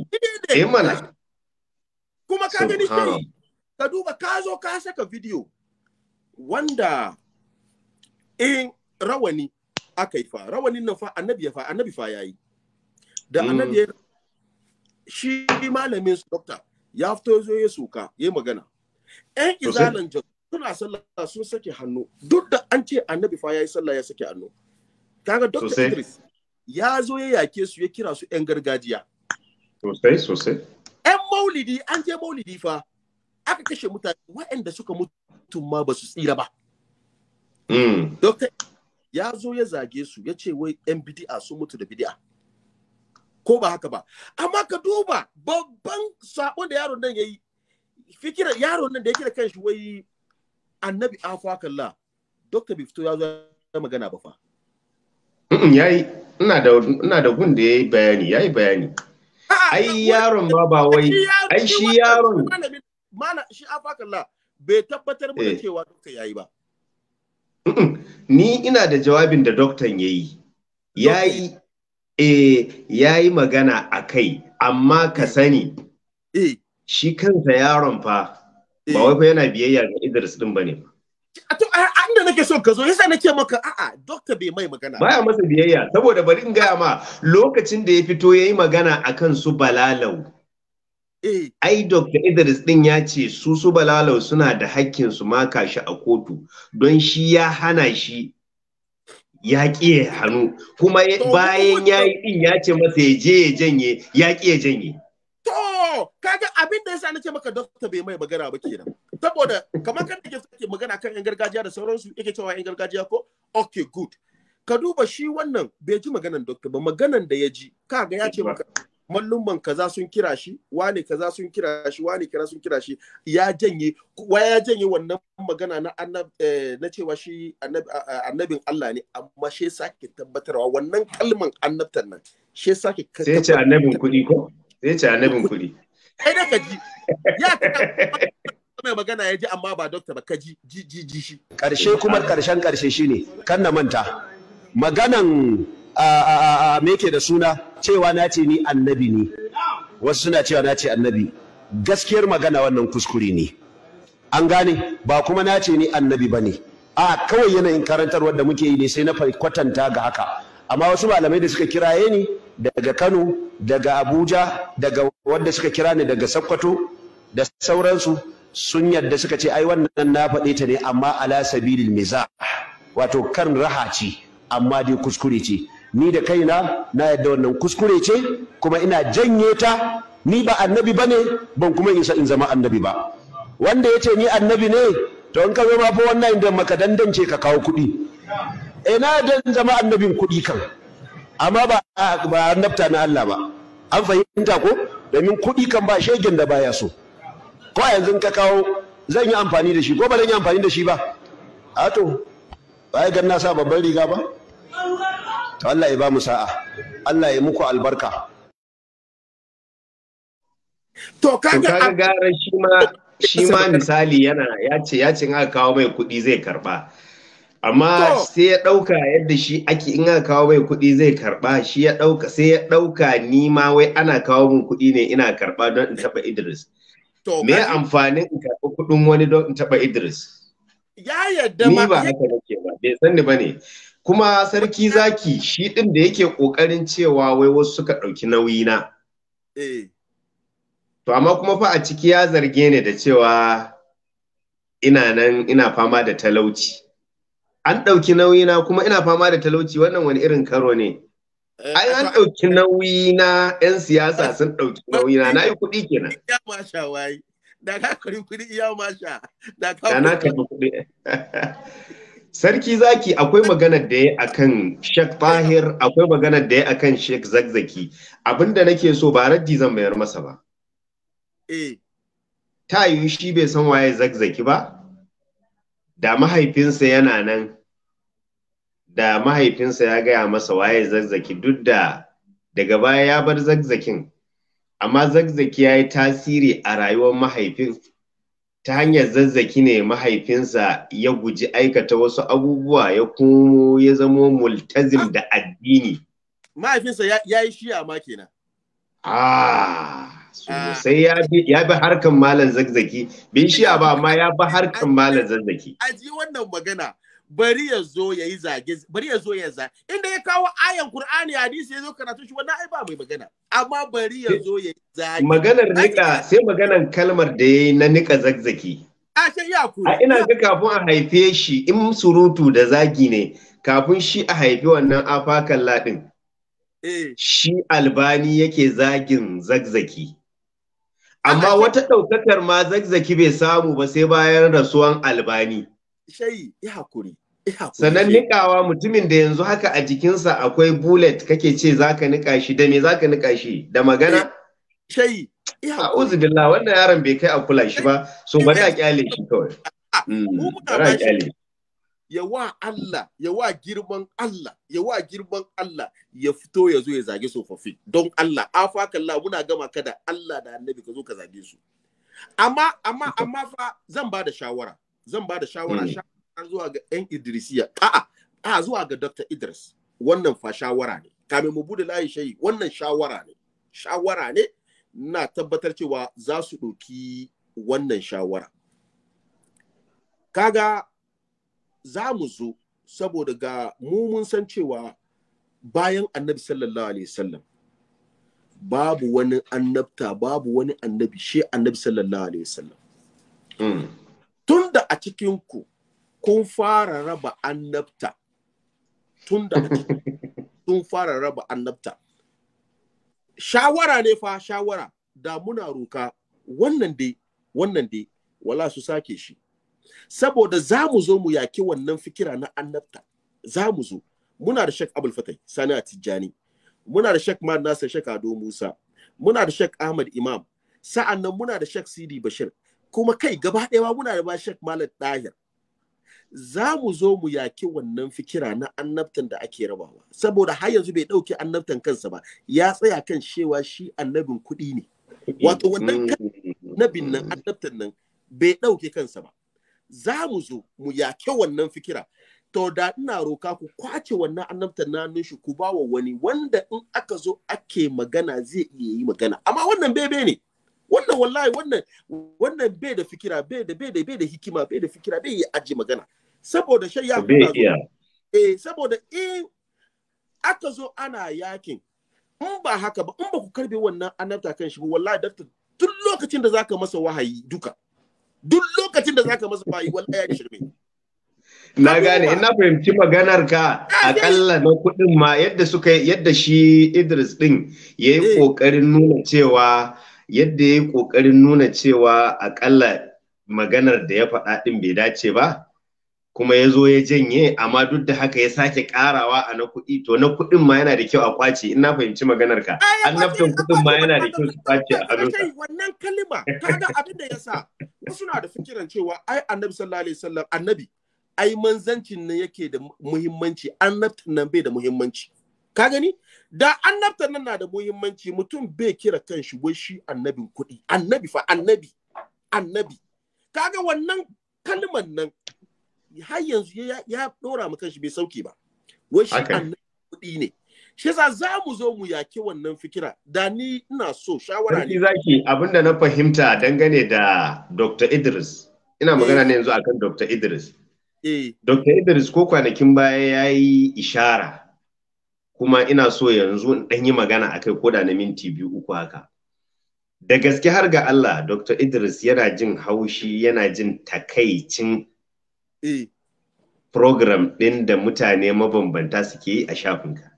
eh mana kuma ka gani shi ka duba ka zo ka saka video wanda in rawani aka yi fa rawani nan fa annabi ya fa annabi fa yayi da mm. annabi ya shi malamin su dokta ya fito zo ya suka ya magana ɗan izalan jos suna sallah sun sake hannu duk da an ce annabi fa ya yi sallah ya sake hannu kaga dr idris ya zo ya yake su ya kira su yan gargajiya sosai sosai yan maulidi an je maulidi fa aka kashe mutane waɗanda suka mutu ma ba su tsira ba mm. dr ya zo ya zage su ya ce wai yan bidi'a sun mutu da bidi'a ko ba haka ba amma ka duba babban sabon da yaron nan ya yi fikira yaron nan da ya kira kan shi wai annabi afakalla dokta bai fito ya zo magana ba fa yayi ina da ina da gun da yayi bayani yayi bayani ai yaron ma ba wai ai shi yaron mana shi afakalla bai tabbatar mu da eh. cewa dokta yayi ba ni ina da jawabin da doktan yayi yayi eh yayi magana akai amma ka eh. sani eh shi kansa yaron fa ba eh. wai fa yana biyayya ga Idris din bane ba to an da nake so ka zo yasa nake maka a'a doctor bai mai magana baya masa biyayya saboda bari in gaya ma lokacin da ya fito yayi magana akan su balalau eh. ai Dr. Idris din ya ce su su balalau suna da hakkin su maka shi a kotu don shi ya hana shi ya hannu kuma bayan ya yi din ya ce masa ya je ya janye ya ya janye kaga abin da yasa na ce maka dokta bai mai magana ba kenan saboda kamar kan da ke magana kan yan gargajiya da sauransu yake cewa yan gargajiya ko okay good ka duba shi wannan bai ji maganan dokta ba maganan da ya ji kaga ya ce maka mallumman kaza sun kira shi wani kaza sun kira shi wani kaza sun kira shi ya janye wa ya janye wannan magana na annab eh, na cewa shi annabin Allah ne amma she sake tabbatarwa wannan kalman annabtan nan she sake sai ce annabin kuɗi ko zai ci annabin kuɗi kai da kaji ya mai magana ya ji amma ba dokta ba kaji ji ji ji shi karshe kuma karshen karshe ne, kan na manta maganan me ke da suna cewa na ce ni annabi ne wasu suna cewa na ce annabi gaskiyar magana wannan kuskure ne an gane ba kuma na ce ni annabi ba ne a kawai yanayin karantarwar da muke yi ne sai na kwatanta ga haka amma wasu malamai da suka kiraye ni daga Kano daga Abuja daga wanda suka kira ni daga Sokoto da sauransu sun yadda suka ce ai wannan na faɗe ta ne amma ala sabilil mizah wato kan raha ce amma dai kuskure ce ni da kaina na yadda wannan kuskure ce kuma ina janye ta ni ba annabi bane ban kuma isa in zama annabi ba wanda yace ni annabi ne to in ka zo ma fa wannan da maka dandance ka kawo kuɗi ina dan zama annabin kuɗi kan amma ba ba annabta na Allah ba an fahimta ko domin kuɗi kan ba shegen da baya so ko yanzu ka kawo zan yi amfani da shi ko ba zan yi amfani da shi ba a to ba ga na sa babban riga ba to Allah ya ba mu sa'a Allah ya muku albarka to kaga gara shi ma shi ma misali yana ya ce ya ce in aka kawo mai kuɗi zai karba amma sai ya ɗauka yadda shi ake in aka kawo mai kuɗi zai karɓa shi ya ɗauka sai ya ɗauka ni ma wai ana kawo min kuɗi ne ina karɓa don in taɓa Idris. Me amfanin in karɓi kuɗin wani don in taɓa Idris? Ya yadda ma. Ni ba haka nake ba, bai san ni ba ne. Kuma sarki zaki shi ɗin da yake ƙoƙarin cewa wai wasu suka ɗauki nauyi na. Eh. To amma kuma fa a ciki ya zarge ni da cewa ina nan ina fama da talauci. an ɗauki nauyina kuma ina fama da talauci wannan wani irin karo ne. Eh, Ai an ɗauki nauyina 'yan siyasa sun ɗauki nauyina na yi kuɗi kenan. Ya masha wayi. Da ka kuri kuɗi ya masha. Da ka na karɓi kuɗi. Sarki zaki akwai maganar da ya akan Sheikh Fahir, akwai maganar da ya akan Sheikh Zagzaki. abinda nake so ba raddi zan bayar masa ba. Eh. Ta yiwu shi bai san waye Zagzaki ba? da mahaifinsa yana nan da mahaifinsa ya gaya masa waye zagzaki duk da daga baya ya bar zazzakin amma zazzaki ya yi tasiri a rayuwar mahaifin ta hanyar zazzaki ne mahaifinsa ya guji aikata wasu abubuwa ya kuma ya zamo multazim da addini mahaifinsa ya yi shi a makina ah Ah. sai ya bi ya bi harkan malam zazzaki bin a ba amma ya bi harkan malam zazzaki a ji wannan magana bari ya zo ya yi zage bari ya zo ya za inda ya kawo ayan qur'ani hadisi ya zo karatu shi wannan ai ba mai magana amma bari ya zo ya yi zage maganar nika sai maganar kalmar da yayi na nika zazzaki a sai ya ku a ina ga kafin a haife shi in surutu da zagi ne kafin shi a haifi wannan afakan ladin eh. shi albani yake zagin zagzaki Amma wata ɗaukakar ma zagzaki bai samu ba sai bayan rasuwan albani. Shai, ya hakuri. Sannan nikawa mutumin da yanzu haka a jikinsa akwai bullet kake ce za ka nika shi da me za ka nika shi da magana? Shai, ya hakuri. A'udhu wannan yaron bai kai a kula shi ba, so bari a kyale shi kawai. Mm, bari a kyale shi. ya Allah yawa wa girman Allah ya wa girman Allah ya fito ya zo ya zage tsofaffi don Allah afakallah muna gama ka da Allah da annabi ka zo ka zage su amma amma amma fa zan ba da shawara zan ba da shawara hmm. shawara zuwa ga yan Idrisiya a'a a zuwa ga Dr. Idris wannan fa shawara ne kamin mu bude layi shayi wannan shawara ne shawara ne na tabbatar cewa za su ɗauki wannan shawara kaga za mu zo saboda ga mumun san cewa bayan annabi sallallahu alaihi wasallam babu wani annabta babu wani annabi shi annabi sallallahu alaihi wasallam tun hmm. tunda a cikin ku kun fara raba annabta tunda a kun fara raba annabta shawara ne fa shawara da muna roka wannan dai wannan dai wala su sake shi saboda za mu zo mu yaki wannan fikira na annabta za mu zo muna da shek abul fatai sani a tijjani muna da shek mad nasir shek ado musa muna da shek ahmad imam sa'annan muna da shek sidi bashir kuma kai gaba ɗaya muna da ba shek malam dahir za mu zo mu yaki wannan fikira na annabtan da ake rabawa saboda har yanzu bai ɗauki annabtan kansa ba ya tsaya kan cewa shi annabin kuɗi ne wato wannan mm. nabin nan annabtan nan bai ɗauke kansa ba za mu zo mu yake wannan fikira to da ina roka ku kwace wannan annabta na shi ku wa wani wanda in aka zo ake magana zai iya yi magana amma wannan bebe ne wannan wallahi wannan wannan bai da fikira bai da bai da bai da hikima bai da fikira bai yi aji magana saboda shi ya eh saboda in aka zo ana yakin in ba haka ba in ba ku karbe wannan annabta kan shi wallahi dakta tun lokacin da zaka masa wahayi duka duk lokacin da zaka masa bayi wallahi ya shirme na gane ina fahimci maganar ka akalla na kuɗin ma yadda suka yadda shi Idris din yayi kokarin eh. nuna cewa yadda yayi kokarin nuna cewa akalla maganar da ya faɗa din bai dace ba kuma ya zo ya janye amma duk da haka ya sake karawa a na kuɗi to na kuɗin ma yana da kyau a kwace in na fahimci maganar ka annabtan kuɗin ma yana da kyau su kwace a hannun ka wannan kalima kaga abin da yasa wasu na da fikiran cewa ai annabi sallallahu alaihi wasallam annabi ai manzancin nan yake da muhimmanci annabtan nan bai da muhimmanci ka gani da annabtan nan na da muhimmanci mutum bai kira kan shi wai shi annabin kuɗi annabi fa annabi annabi kaga wannan kalman nan har yanzu ya dora mu kanshi bai sauke ba wai shi kuɗi ne shi yasa za mu zo mu yaki wannan fikira da ni ina so shawara ne zaki abinda na fahimta dangane da Dr. Idris ina magana ne yanzu akan Dr. Idris eh. Dr. Idris ko kwanakin baya ya yi ishara kuma ina so yanzu in ɗan yi magana a akai koda na minti biyu uku haka da gaske har ga Allah Dr. Idris yana jin haushi yana jin takaicin Eh. program ɗin da mutane mabambanta suke yi a shafin ka.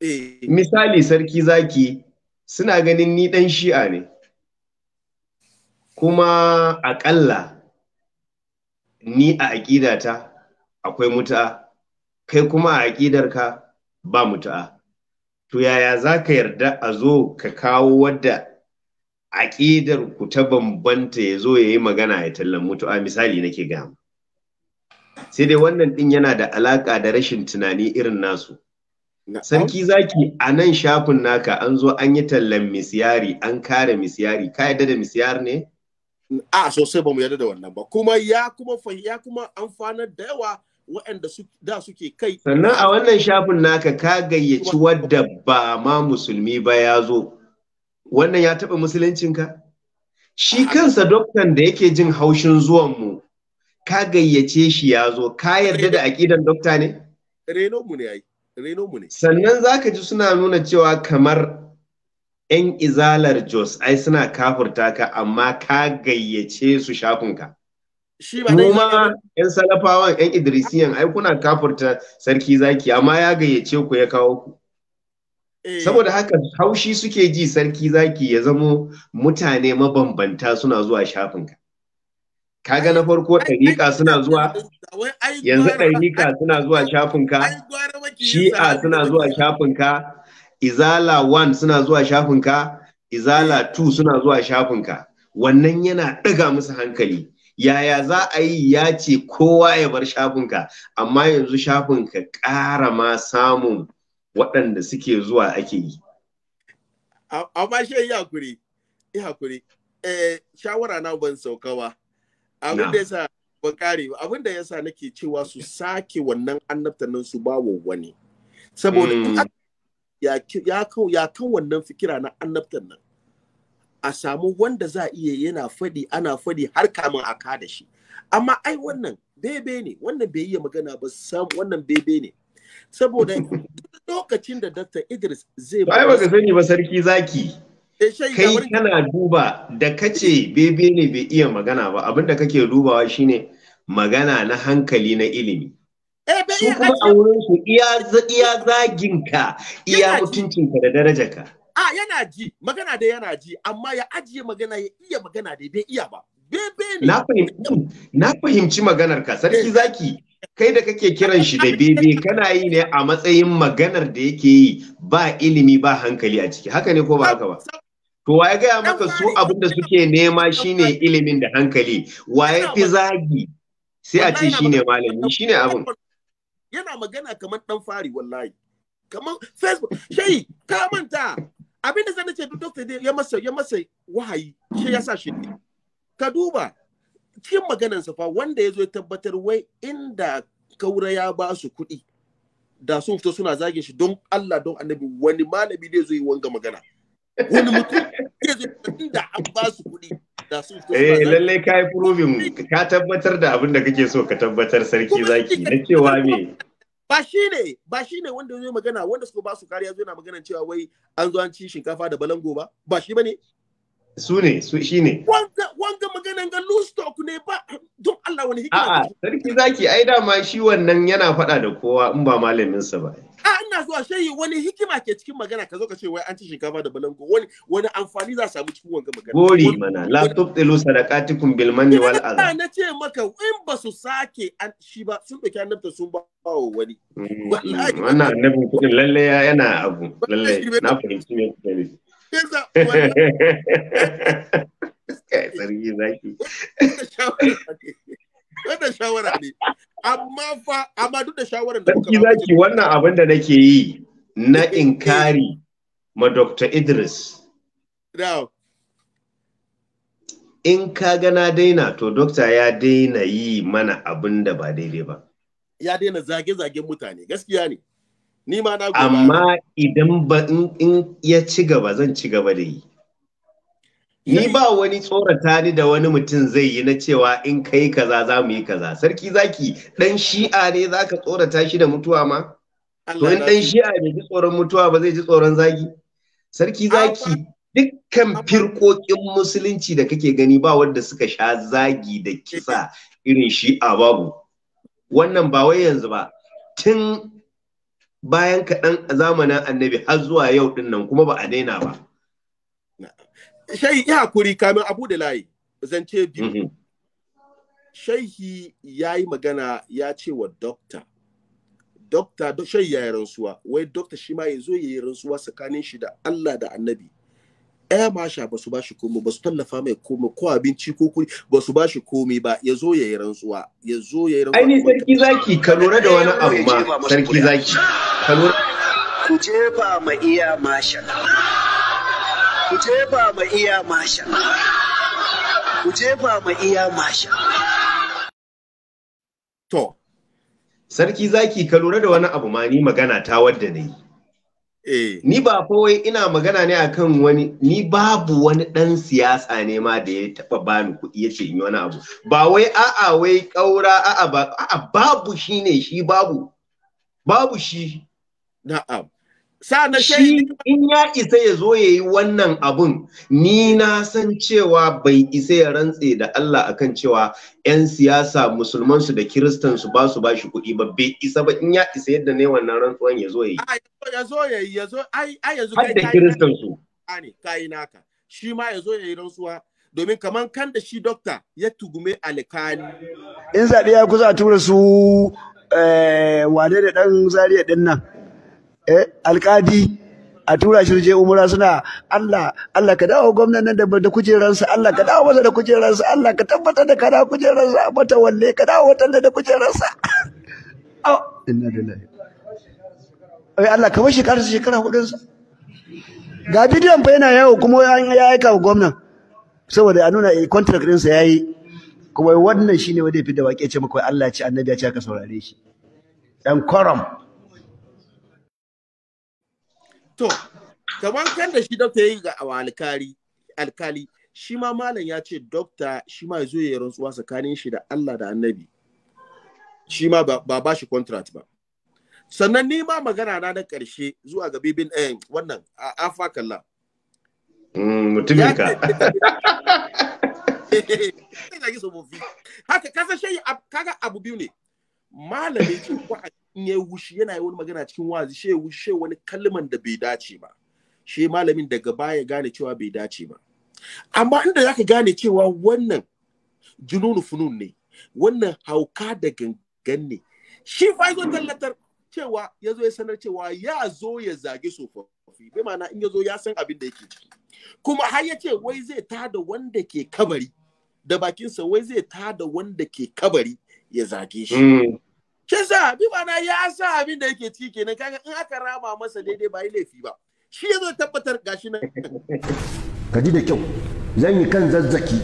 Eh. Misali sarki zaki suna ganin ni ɗan shi'a ne, kuma aƙalla ni a aƙidata akwai mutu'a, kai kuma a ka ba mutu'a. To yaya za ka yarda a zo ka kawo wadda aƙidar ku ta bambanta ya zo ya yi magana ya tallan mutu'a misali nake gama. sai dai wannan ɗin yana da alaka da rashin tunani irin nasu sarki zaki a nan shafin naka an zo an yi tallan misiyari an kare misiyari ka yadda da misiyar ne a sosai ba mu yarda da wannan ba kuma ya kuma ya kuma amfanar da yawa waɗanda da suke kai sannan a wannan shafin naka ka gayyaci wadda ba ma musulmi ba ya zo wannan ya taɓa musuluncinka shi kansa doktan da yake jin haushin zuwan mu ka gayyace shi ya zo ka yarda da aƙidan dokta ne? Reno mu ne ai, reno mu ne. Sannan za ka ji suna nuna cewa kamar ‘yan izalar Jos ai suna kafurta ka amma ka gayyace su shafinka. Shi ba Kuma ‘yan salafawan ‘yan idrisiyan ai kuna kafurta sarki zaki amma ya gayyace ku ya kawo ku. Eh. Saboda haka haushi suke ji sarki zaki ya zamo mutane mabambanta suna zuwa shafinka. kaga na farko ɗariƙa suna zuwa yanzu ɗariƙa suna zuwa shafinka shi'a suna zuwa shafinka izala 1 suna zuwa shafinka izala 2 suna zuwa shafinka wannan yana ɗaga musu hankali yaya za a yi ya ce kowa ya bar shafinka amma yanzu shafinka ƙara ma samun waɗanda suke zuwa ake yi amma shi yi hakuri yi hakuri eh shawara na ban saukawa abin da yasa ban kare ba abin da yasa nake cewa su sake wannan nan su ba wa wani saboda mm. ya ya ya kan wannan fikira na annabtan nan a samu wanda za iya yana fadi ana fadi har kamun a ka da shi amma ai wannan bebe ne wannan bai iya magana ba sam wannan bebe ne saboda lokacin da Dr. Idris zai ba ba ka sani ba sarki zaki Eh, kai kana duba da kace bebe ne bai iya magana ba abinda kake dubawa shine magana na hankali na ilimi eh, su kuma a wurin su iya zaginka iya mutuncinka da daraja ka. a yana ji magana da yana ji amma ya ajiye magana ya iya magana da bai iya ba bebe ne na fahimci maganar ka sarki eh. zaki kai da kake kiran shi da bebe kana yi ne a matsayin maganar da yake yi ba ilimi ba hankali a ciki haka ne ko ba haka ba To wa ya gaya maka su abin da suke nema shine ilimin da hankali, wa ya fi zagi sai a ce shine malami shine abin. Yana magana kamar dan fari wallahi. Kamar Facebook, shey ka manta abin da zan ce duk doctor ya masa ya masa wahayi shi ya sa shi Ka duba cikin sa fa wanda ya zo ya tabbatar wai inda kaura ya ba su kuɗi da sun fito suna zage shi don Allah don annabi wani malami zai yi wanga magana. wani mutum ke zai da an ba su kuɗi da su eh lalle ka yi proving ka tabbatar da abin da kake so ka tabbatar sarki zaki na cewa me ba shi ne ba shi ne wanda zai magana wanda suka ba su kariya zai na magana cewa wai an zo an ci shinkafa da balango ba ba shi bane su ne su shi ne wanga maganan ga loose ne ba don Allah wani hikima a'a sarki zaki ai dama shi wannan yana faɗa da kowa in ba malaminsa ba a ina zuwa shayi wani hikima ke cikin magana ka zo ka ce wai an ci shinkafa da balango wani wani amfani za samu cikin wanga magana gori mana la tubtilu sadaqatikum bil manni wal adha na ce maka in ba su sake an shi ba sun dauki annabta sun ba wa wani mm, wannan annabin kudin lalle yana abu lalle na fahimci ne Wannan shawara ne. Amma fa, amma duk da shawarar da muka zaki wannan abin da nake yi na inkari ma Dr. Idris. In ka gana daina, to Dokta ya daina yi mana abin da ba daidai ba. Ya daina zage-zagen mutane, gaskiya ne. ni ma na amma idan ba in ya ci gaba zan ci gaba da yi ni ba wani tsorata ni da wani mutum zai yi na cewa in kai kaza za mu yi kaza sarki zaki dan shi'a ne za ka tsorata shi da mutuwa ma to in dan shi'a bai ji tsoron mutuwa ba zai ji tsoron zagi sarki zaki dukkan firkokin musulunci da kake gani ba wanda suka sha zagi da kisa irin shi'a babu wannan ba wai yanzu ba tun bayan kaɗan a zamanin annabi har zuwa yau ɗin nan kuma ba a daina ba. Shayi ya hakuri kamin abu da layi zance biyu. Mhm. Shaihi ya yi magana ya ce wa dokta, dokta shai ya yi rantsuwa, wai dokta shi ma ya zo ya yi rantsuwa tsakanin shi da Allah da annabi. air masha ba su ba shi komai ba su tallafa mai komai ko abinci ko kuri ba su ba shi komai ba ya zo ya yi rantsuwa ya zo ya yi rantsuwa ainihin sarki zaki ka lura da wani abu ma sarki zaki ka lura ku jefa ma iya masha ku jefa ma iya masha ku jefa ma iya masha to sarki zaki ka lura da wani abu ma ni magana ta wadda na yi Eh. Ni ba kawai ina magana ne akan wani, ni babu wani ɗan siyasa ne ma da ya taɓa bani kuɗi ya ce wani abu. Ba wai a'a wai ƙaura a'a ba, a'a babu shi ne shi babu, babu shi. Na'am. shi in ya isa ya zo ya yi wannan abun ni na san cewa bai isa ya rantse da Allah akan cewa 'yan siyasa musulmansu da kiristansu ba su ba shi kuɗi ba bai isa ba in ya isa yadda ne wannan rantsuwan ya zo ya yi. Ya zo ya yi ya zo ai ai ya zo kai da kiristansu. Ne kai naka shi ma ya zo ya yi rantsuwa domin kaman kan da shi dokta ya tugume alkali. In zaɓe ya kusa a tura su eh, wane da ɗan zariya ɗin nan. Eh, alkadi a tura shi je umura suna Allah Allah ka dawo gwamnatin nan da da kujeransa Allah ka dawo masa da kujeransa Allah ka tabbatar da kana kujeran sa mata walle ka dawo watan da sa au oh, inna lillahi ai eh, Allah ka bashi karshe shekara hudun sa ga bidiyon fa yana yawo kuma ya aika wa gwamnan saboda a nuna eh, contract din ya yi kuma wannan shine wanda ya fi da wake ce maka Allah ya ci annabi ya ci aka saurare shi dan koram To, kamar kan da shi dokta ya yi ga alkali, alkali shi ma malam ya ce dokta shi ma zo ya rantsuwa tsakanin shi da Allah da annabi. Shi ma ba ba shi contract ba. Sannan ni ma magana na na ƙarshe zuwa ga bibin eh, wannan afa kalla. Mm, mutumin ka. Haka kasa shi kaga abu biyu ne. malami cikin wa'azi ya wushi yana yi wani magana cikin wa'azi shi ya wushi shi wani kalman da bai dace ba shi malamin daga baya gane cewa bai dace ba amma inda zaka gane cewa wannan jununu funun ne wannan hauka da gangan ne shi fa tallatar cewa ya zo ya sanar cewa ya zo ya zage tsofaffi bai ma'ana in ya zo ya san abin da yake ciki kuma har ya ce wai zai tada wanda ke kabari da bakinsa wai zai tada wanda ke kabari ya zage shi kisa hmm. bi mana ya sa abin da yake ciki kenan kaga in aka rama masa daidai ba yi laifi ba shi ya zo tabbatar gashi nan ka da kyau zan yi kan zazzaki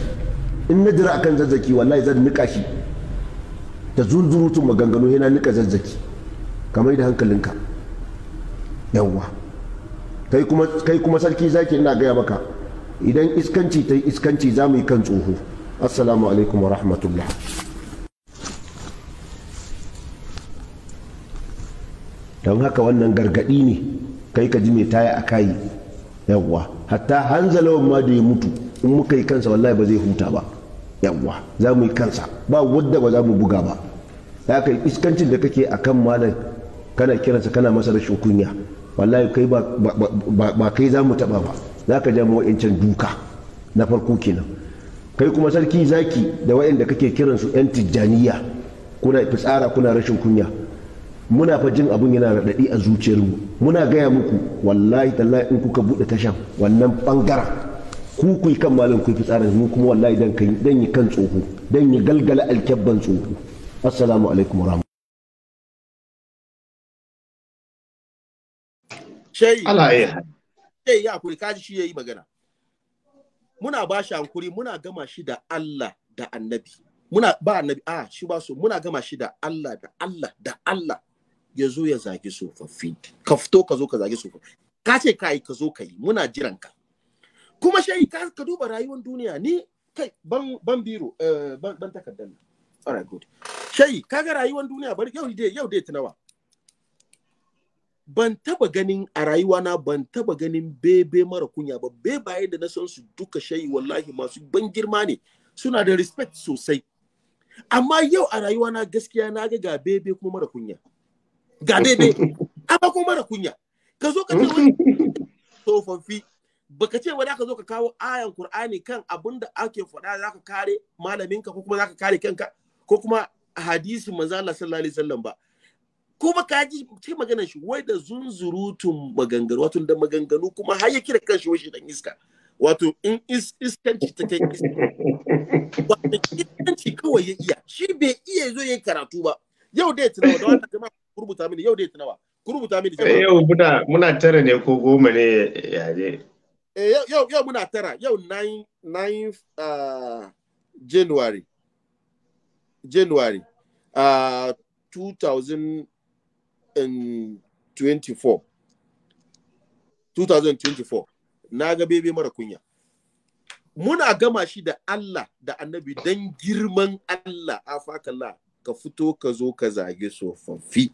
in na jira kan zazzaki wallahi zan nika shi da zunzurutun maganganu yana nika zazzaki kamar da hankalinka yawwa kai kuma kai kuma sarki zaki ina gaya maka idan iskanci ta iskanci za mu yi kan tsoho assalamu alaikum wa rahmatullah don haka wannan gargaɗi ne kai ka ji mai taya a kayi yawwa hatta hanzalawan ma da ya mutu in muka yi kansa wallahi ba zai huta ba yawwa za mu yi kansa ba wadda ba za mu buga ba ya yi iskancin da kake akan malam kana kiransa kana masa rashin kunya wallahi kai ba kai za mu taɓa ba za ka ja mu duka na farko kenan kai kuma sarki zaki da wa'yanda kake kiransu 'yan tijjaniya kuna fitsara kuna rashin kunya muna fa jin abun yana raɗaɗi a zuciyar mu muna gaya muku wallahi tallahi in kuka buɗe tashan wannan ɓangaren ku kuyi kan malam ku fi tsarin mu kuma wallahi dan kai dan yi kan tsoho dan yi galgala alkebban tsoho assalamu alaikum wa shayi shayi ya kuri kaji shi yayi magana muna ba shi hankuri muna gama shi da Allah da annabi muna ba annabi a shi ba su muna gama shi da Allah da Allah da Allah ya zo ya zagi tsofaffi ka fito ka zo ka zagi tsofaffi ka ce ka yi ka zo ka yi muna jiran ka kuma shayi ka duba rayuwar duniya ni kai ban biro eh, ban ban takardar nan all right good ka ga rayuwar duniya bari yau dai yau dai tunawa ban taba ganin a rayuwa na ban taba ganin bebe mara kunya ba bebaye da na san su duka shayi wallahi masu ban girma ne suna da respect sosai amma yau a rayuwa na gaskiya na ga ga bebe kuma mara kunya ga daidai amma kuma mara kunya ka zo ka ce wani tsofaffi baka ce wani ka zo ka kawo ayan Kur'ani kan abin da ake faɗa za ka kare malaminka ko kuma za ka kare kanka ko kuma hadisi manzo Allah sallallahu alaihi wasallam ba ko ba ka ji ce magana shi wai da zunzurutun maganganu wato da maganganu kuma har ya kira kanshi wai shi dan iska wato in iskanci ta kai iska wato iskanci kawai ya iya shi bai iya zo yayi karatu ba yau dai tunawa da wannan jama'a rubuta mini yau dai tunawa ku rubuta mini eh, jama'a yau muna muna tara ne ko goma ne ya je eh, yau yau yau muna tara yau 9 9 ah, January January uh, 2024 2024 na ga bebe mara kunya muna gama shi da Allah da annabi dan girman Allah afakallah ka fito ka zo ka zage tsofaffi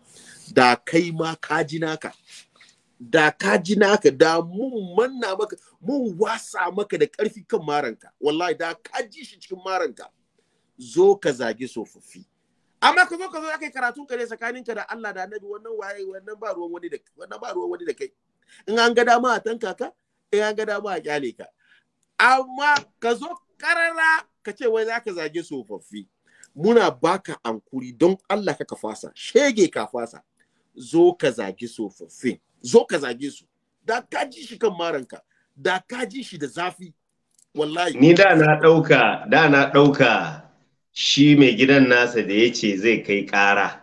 da kai ma ka ji naka da ka ji naka da mun manna maka mun wasa maka da karfi kan maranka wallahi da ka ji shi cikin maranka zo ka zage tsofaffi amma ka zo ka zo kai karatun ka ne tsakaninka da Allah da Annabi wannan waye wannan ba ruwan wani da wannan ba ruwan wani da kai in an ga dama a tanka ka in an ga dama a kyale ka amma ka zo karara ka ce wai za ka zage tsofaffi muna baka ankuri don Allah ka fasa shege ka fasa zo ka zagi tsofaffin zo ka zagi su da ka ji shi kan maranka da ka ji shi da zafi wallahi ni da na ɗauka da na ɗauka shi mai gidan nasa da ya ce zai kai ƙara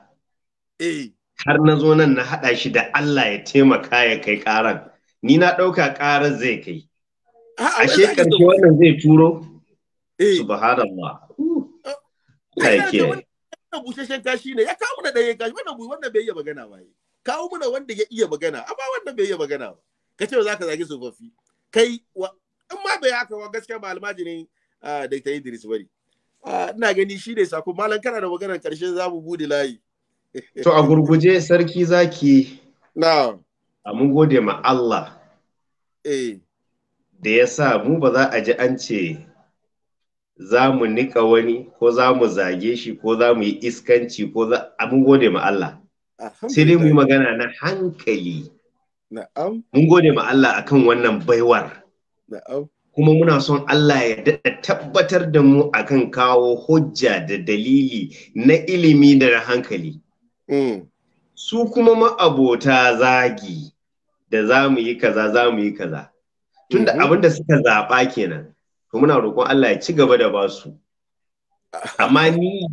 eh har na zo nan na haɗa shi da Allah ya taimaka ya kai ƙaran ni na ɗauka ƙarar zai kai ashe ƙarshe wannan zai turo eh. subhanallah kai wannan busasshen kashi ne ya kawo mana ɗaya kashi wannan wannan bai iya magana ba yi kawo mana wanda ya iya magana amma wannan bai iya magana ba ka ce ba za ka zagi tsofaffi kai in ma bai haka wa gaskiya ba almajirin ah, da ta Idris bari ah, ina gani shi ne sako malam kana da maganar karshe za mu bude layi to a gurguje sarki zaki na a mun gode ma Allah eh. da ya sa mu ba za a ji an ce za mu nika wani ko za mu zage shi ko za mu yi iskanci ko za mun gode ma Allah sai dai mu yi magana na hankali mun gode ma Allah akan wannan baiwar kuma muna son Allah ya daɗa tabbatar da mu akan kawo hujja da dalili na ilimi da na hankali mm. su kuma ma'abota zagi da za mu yi kaza za mu yi kaza tunda mm-hmm. abin da suka zaɓa kenan to muna roƙon Allah ya ci gaba da ba su amma ni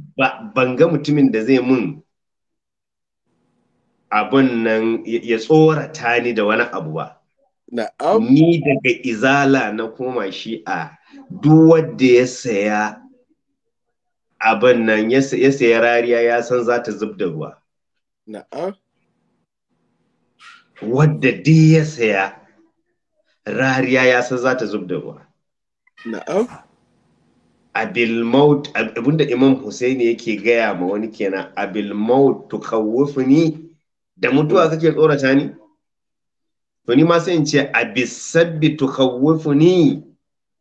ban ga mutumin da zai mun abun nan ya tsorata ni da wani abu ba ni daga izala na koma shi a duk wanda ya saya abin nan ya saya rariya ya san za ta zub da ruwa wadda dai ya saya rariya ya san za ta zub da ruwa na'am abil maut abinda imam husaini yake gaya ma wani kenan abil maut tukawwifuni da mutuwa kake tsorata ni to ni ma sai in ce abis sabbi tukawwifuni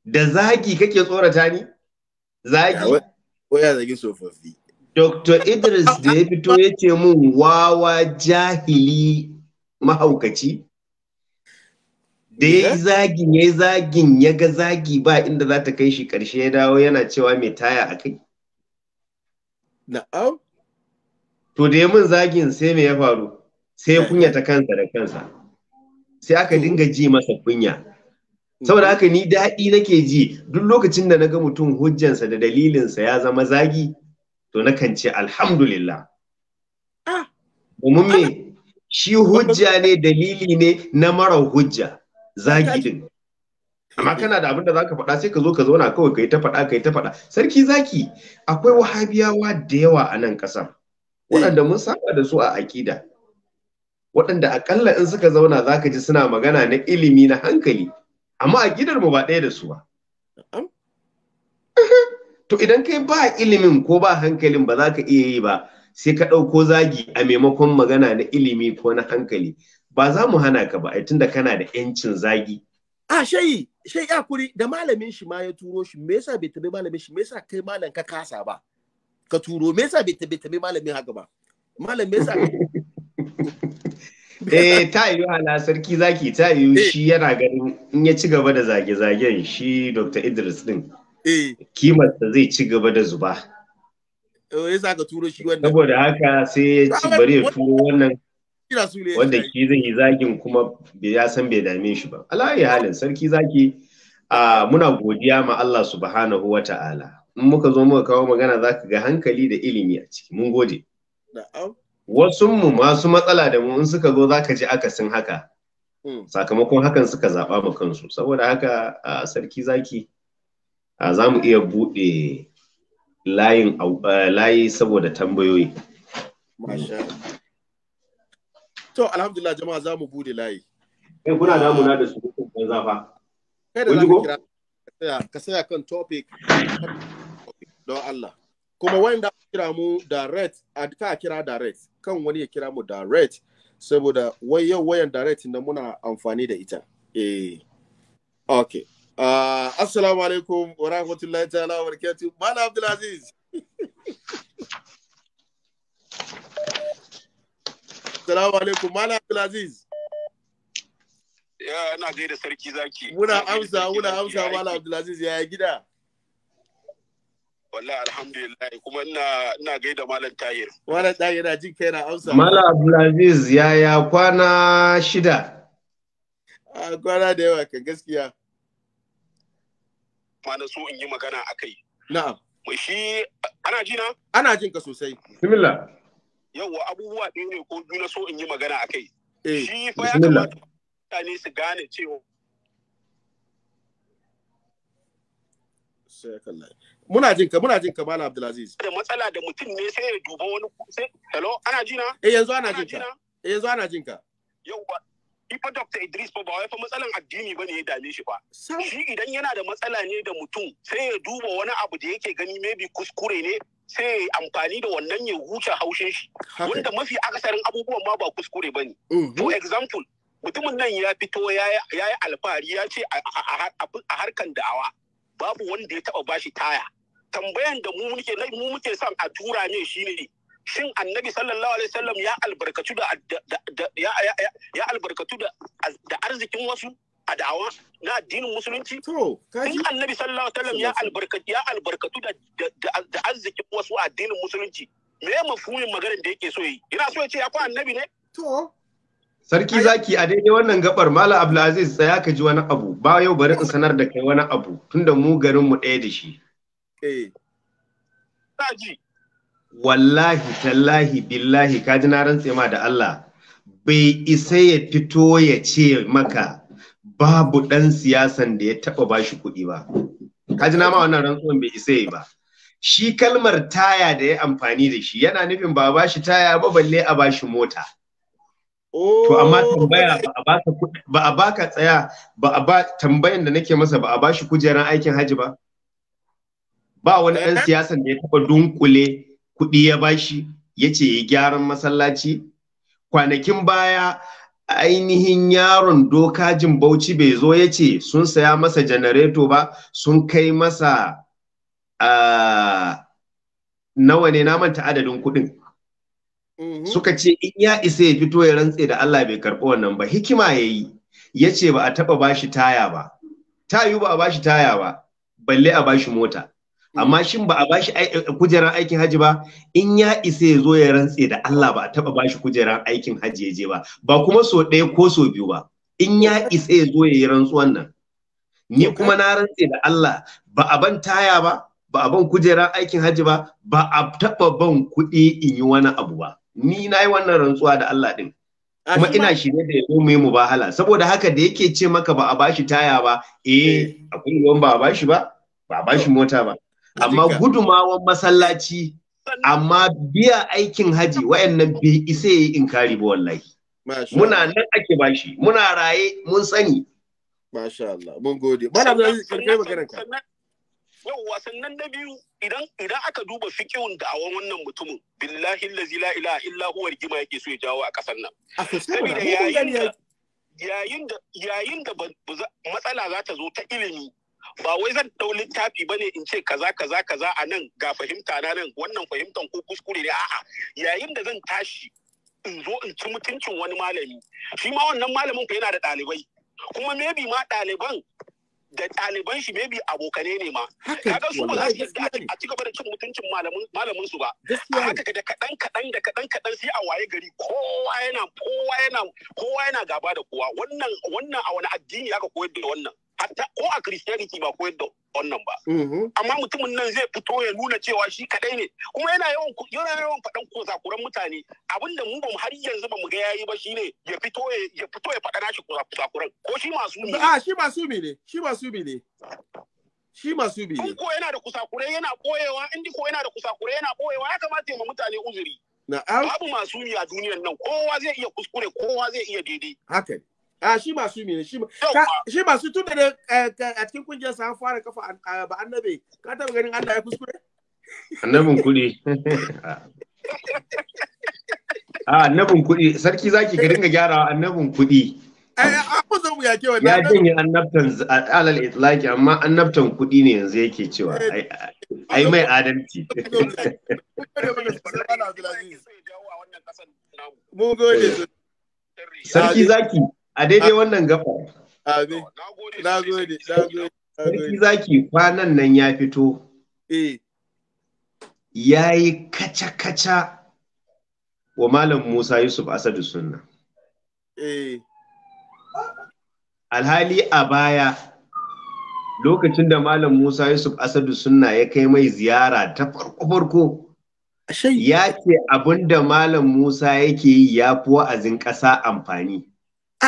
da zagi kake tsorata ni zagi ko ya zagi tsofaffi Dr. Idris da ya fito ya ce mun wawa jahili mahaukaci da ya yi eh? zagin ya yi zagin ya ga zagi ba inda za ta kai shi ƙarshe ya dawo yana cewa mai taya a kai na'am to da ya min zagin sai mai ya faru sai ya eh. kunyata kansa da kansa sai aka dinga ji masa kunya mm. saboda haka ni daɗi nake ji duk lokacin da na ga mutum hujjansa da dalilinsa ya zama zagi to na kan ce alhamdulillah ah. domin me shi hujja ne dalili ne na mara hujja zagi din amma kana da abin da zaka faɗa sai ka zo ka zauna kawai kai ta faɗa kai ta faɗa sarki zaki akwai wahabiyawa da yawa a nan ƙasa waɗanda mun saba da su a aƙida waɗanda akalla in suka zauna zaka ji suna magana na ilimi na hankali amma aƙidar mu ba ɗaya da su ba to idan kai ba ilimin ko ba hankalin ba za ka iya yi ba sai ka ɗauko zagi a maimakon magana na ilimi ko na hankali ba za mu hana ka ba tun tunda kana da yancin zagi a ah, shayi shayi ya kuri da malamin shi ma ya turo shi me yasa bai tabe malamin shi me yasa kai malam ka kasa ba ka turo me yasa bai tabe malamin haka ba malam me yasa eh ta yi na, sarki zaki ta yi eh. shi yana ganin in ya ci gaba da zage-zagen shi Dr. Idris din eh. kimarsa zai ci gaba da zuba. Eh, Saboda haka sai ya ci bari ya turo wannan wanda ki zai yi zagin kuma ya san bai dame shi ba alayi halin sarki zaki a muna godiya ma Allah subhanahu wa ta'ala in muka zo muka kawo magana zaka ga hankali da ilimi a ciki mun gode wasu mu masu matsala da mu in suka zo zaka ji akasin haka hmm. sakamakon hakan suka zaɓa ma kansu saboda haka a sarki zaki a za mu iya buɗe layin layi saboda tambayoyi To alhamdulillah jama'a za mu bude layi. Eh, kuna damuna da su kan zafa. Kai da zaka kira ka tsaya kan topic don Allah. Kuma wanda kira mu direct a ka kira direct kan wani ya kira mu direct saboda wai yau wayan direct da muna amfani da ita. Eh. Okay. Uh, assalamu alaikum wa rahmatullahi ta'ala wa barakatuh. Mala Abdulaziz. Salamu alaikum. Malam Abdulaziz. Ya ina gaida sarki zaki. Muna amsa, muna amsa Malam Abdulaziz ya gida. Wallahi alhamdulillah kuma ina ina gaida Malam Tahir. Malam Tahir yana jin kai na amsa. Malam Abdulaziz ya ya kwana shida. A kwana da yawa kan gaskiya. Mana so in yi magana akai. Na'am. Shi ana jina? Ana jin ka sosai. Bismillah. yawwa abubuwa ɗaya ne ko juna so in yi magana a kai. Eh, shi fa ya kamata mutane su gane cewa. Muna jin ka, muna jin ka Malam Abdulaziz. Da matsala da mutum ne sai ya duba wani kuse. hello ana jina? Eh yanzu ana jin ka. Eh yanzu ana jin ka. Yawwa Ifa Dr. Idris ba wai fa matsalan addini ba ne ya dame shi ba. Shi idan yana da matsala ne da mutum sai ya duba wani abu da yake gani maybe kuskure ne sai amfani da wannan ya huce haushin shi wanda mafi akasarin abubuwan ma ba kuskure ba ne. For example, mutumin nan ya fito ya yi alfahari ya ce a harkan da'awa babu wanda ya taba bashi taya. Tambayan da mu muke son a tura ne shi ne. shin annabi sallallahu alaihi wasallam ya albarkatu da arzikin wasu a da'awa na addinin musulunci in annabi sallallahu alaihi ya albarkatu da da arzikin wasu addinin musulunci me mafhumin maganar da yake so yi ina so ya ce ya kwa annabi ne to Sarki zaki a daidai wannan gabar Malam Abdulaziz tsaya ka ji wani abu ba yau bari in sanar da kai wani abu tunda mu garin mu ɗaya da shi. Eh. Wallahi tallahi billahi kaji na rantse ma da Allah bai isa ya fito ya ce maka babu ɗan siyasan da ya taɓa ba shi kuɗi ba. Kaji na ma wannan rantsuwan bai isa yi ba. Shi kalmar taya da ya amfani da shi yana nufin ba ba shi taya ba balle a ba shi mota. To amma oh. tambaya ba a baka tsaya ba a ba tambayan da nake masa ba a ba shi kujeran aikin hajji ba. Ba wani ɗan siyasan da ya taɓa dunkule kuɗi ya bashi ya ce ya gyaran masallaci. Kwanakin baya ainihin yaron dokajin bauchi bai zo ya ce sun saya masa janareto ba sun kai masa nawa ne na manta adadin kuɗin mm-hmm. suka ce in ya isa ya fito ya rantse da Allah bai karɓi wannan ba hikima ya yi ya ce ba a taɓa bashi taya ba tayu ba a bashi taya ba balle a bashi mota amma shin ba a bashi eh, kujeran aikin haji ba in ya isa ya zo ya rantse da Allah ba a taba bashi kujeran aikin haji ya je ba ba kuma so ɗaya ko so biyu ba in ya isa ya zo ya yi rantsuwan nan ni kuma na rantse da Allah ba a ban taya ba ba a ban kujeran aikin haji ba ba a taba ban kuɗi in yi wani abu ba ni na yi wannan rantsuwa da Allah din kuma ina shirye da yazo mu yi mubahala saboda haka da yake ce maka ba a bashi taya ba eh, eh. akwai wani ba a bashi ba ba a bashi mota ba amma gudumawan masallaci amma biya aikin haji wayannan sai isa yi inkari ba wallahi muna nan ake bashi muna raye mun sani masha Allah mun gode malam zai karkai maganar ka yauwa na biyu idan idan aka duba fikihun da awon wannan mutumin billahi lazi la ila illa huwa rigima yake so ya jawo a kasar nan yayin da yayin da matsala za ta zo ta ilimi ba wai zan dau littafi ba ne in ce kaza kaza kaza a nan ga fahimta na nan wannan fahimtan ko kuskure ne a'a yayin da zan tashi in zo in ci mutuncin wani malami shi ma wannan malamin ku yana da ɗalibai kuma maybe ma ɗaliban da ɗaliban shi maybe abokane ne ma kaga su ba za su a ci gaba da cin mutuncin malamin su ba a haka da kaɗan kaɗan da kaɗan kaɗan sai a waye gari kowa yana kowa yana kowa yana gaba da kowa wannan wannan a wani addini aka koyar da wannan hatta ko a christianity ba koyar da wannan ba mhm. amma mutumin nan zai fito ya nuna cewa shi kadai ne kuma yana yawan yana yawan faɗan kusakuran mutane abinda mu ba har yanzu ba mu ga yayi ba shine ya fito ya fito ya faɗa nashi kusakuran ko shi masu ne a ah, shi masu ne shi masu ne shi masu ne kun ko yana da kusakurai yana koyewa, indi ko yana da kusakurai yana koyewa ya kamata ya mutane uzuri. Na'am. Babu masu a duniyar nan kowa zai iya kuskure kowa zai iya daidai. Haka ne. a ah, shi masu su shi ba shi ba eh, a cikin kungiyar sa an fara kafa eh, ba annabe ka taba ganin Allah ya kuskure annabin kuɗi a ah, annabin kuɗi sarki zaki ka dinga gyarawa annabin kuɗi eh, ya janye annabtan alal itlaki amma annabtan kuɗi ne yanzu yake cewa ai mai adalci sarki zaki a daidai ah. wannan gaba. Abi, ah, Na gode, na gode. Sarki zaki kwanan nan ya fito. Eh. Ya yi kaca-kaca wa Malam Musa Yusuf Asadu Sunna. Eh. Alhali a baya lokacin da Malam Musa Yusuf Asadu Sunna ya kai mai ziyara ta farko-farko. Ya ce abin da Malam Musa yake yi ya fi wa'azin ƙasa amfani.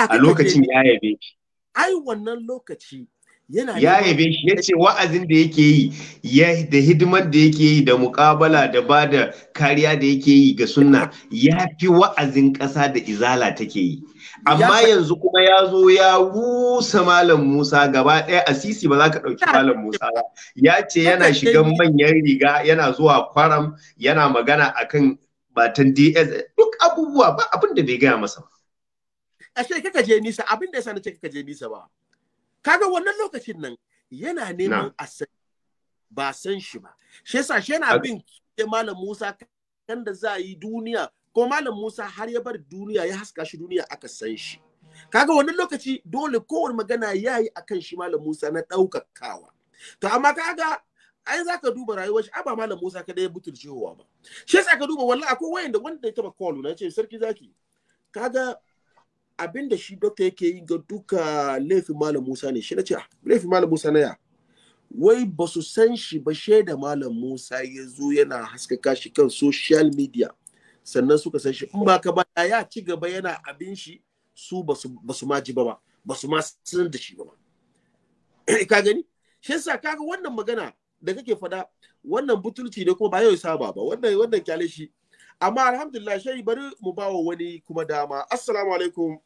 a lokacin ya yabe shi ai wannan lokaci yana ya yabe shi ya ce wa'azin da yake yi da hidimar da yake yi da mukabala da ba da kariya da yake yi ga sunna ya fi wa'azin ƙasa da izala take yi amma yanzu kuma ya zo ya wusa malam musa gaba ɗaya Asisi, ba za ka ɗauki malam musa ba ya ce yana shigan manyan riga yana zuwa kwaram yana magana akan batan ds duk abubuwa ba abinda bai gaya masa ba ashe kaka je nisa abin da yasa na ce kaka je nisa ba kaga wannan lokacin nan yana neman a san ba san shi ba shi yasa shi yana bin malam Musa kan da za yi duniya ko malam Musa har ya bar duniya ya haska shi duniya aka san shi kaga wannan lokaci dole kowane magana ya yi akan shi malam Musa na ɗaukakawa to amma kaga ai za ka duba rayuwar shi ba malam Musa kada ya butulcewa ba shi yasa ka duba wallahi akwai wayanda wanda ya taba call na ce sarki zaki kaga abin da shi dokta yake yi ga duka laifin malam musa ne shi na ce ah, laifin malam musa na ya wai ba su san shi ba shaida malam musa ya zo yana haskaka shi kan social media sannan suka san shi in ba ka ba ya ci gaba yana abin shi su ba su ma ji ba ba su ma san da shi ba ka gani shi yasa kaga wannan magana da kake faɗa wannan butulci ne kuma ba yau saba ba wannan wannan kyale shi amma alhamdulillah shai bari mu bawa wani kuma dama assalamu alaikum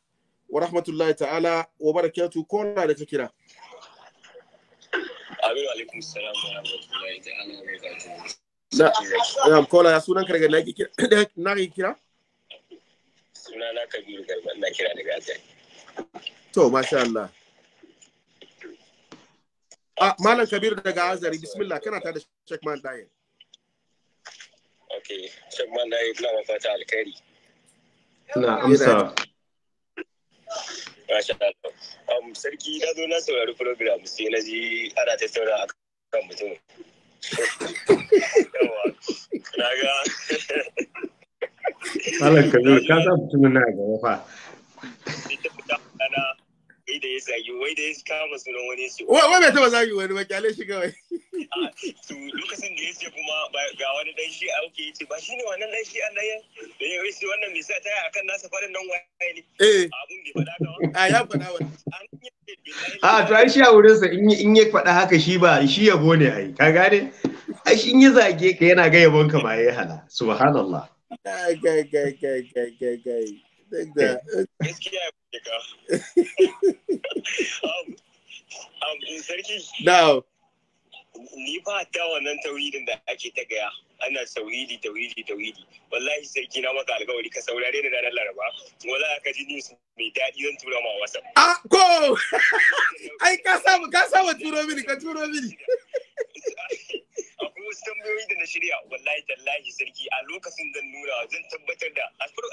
ورحمة الله تعالى وبركاته كون على تكرا السلام عليكم ورحمة الله تعالى وبركاته نعم كولا يا سونا كرا تو ما شاء الله آه مالن كبير دعاء زاري بسم الله كنا تاد شك مان داير أوكي شك مان داير بلا ما فات على كاري نعم سلام Masha Allah. Um, sarki na zo na saurari program sai na ji ana ta saura a kan mutum. Na ga. Malam ka sa mutumin na wai da ya zagi wai da ya kama sunan wani shi wai bai taba zagi wani ba kyale shi kawai ah, to lokacin da ya ce kuma ga wani dan shi auke yace ba shine wannan dan shi an dayan da ya yi wannan mai sa taya akan nasa farin nan waye ne eh abun ah, da fada ka a ya fada wannan a to ai shi a wurin sa in ya faɗa haka shi ba shi yabo ne ai ka gane ai shi in ya zage ka yana ga yabon ka ba yayi hala subhanallah kai kai kai kai kai Take that. Gaskiya ka. Um, um sarki. Now. wannan tauhidin da ake ta gaya. Ana tauhidi, tauhidi, tauhidi. Wallahi sarki na maka alkawari ka saurare da ranar Laraba. Wallahi ka ji mai daɗi zan tura ma WhatsApp. Ah, ko! Ai, ka samu, ka samu turo mini, ka turo mini. Akwai wasu tambayoyi da na shirya wallahi tallahi sarki a lokacin zan nuna zan tabbatar da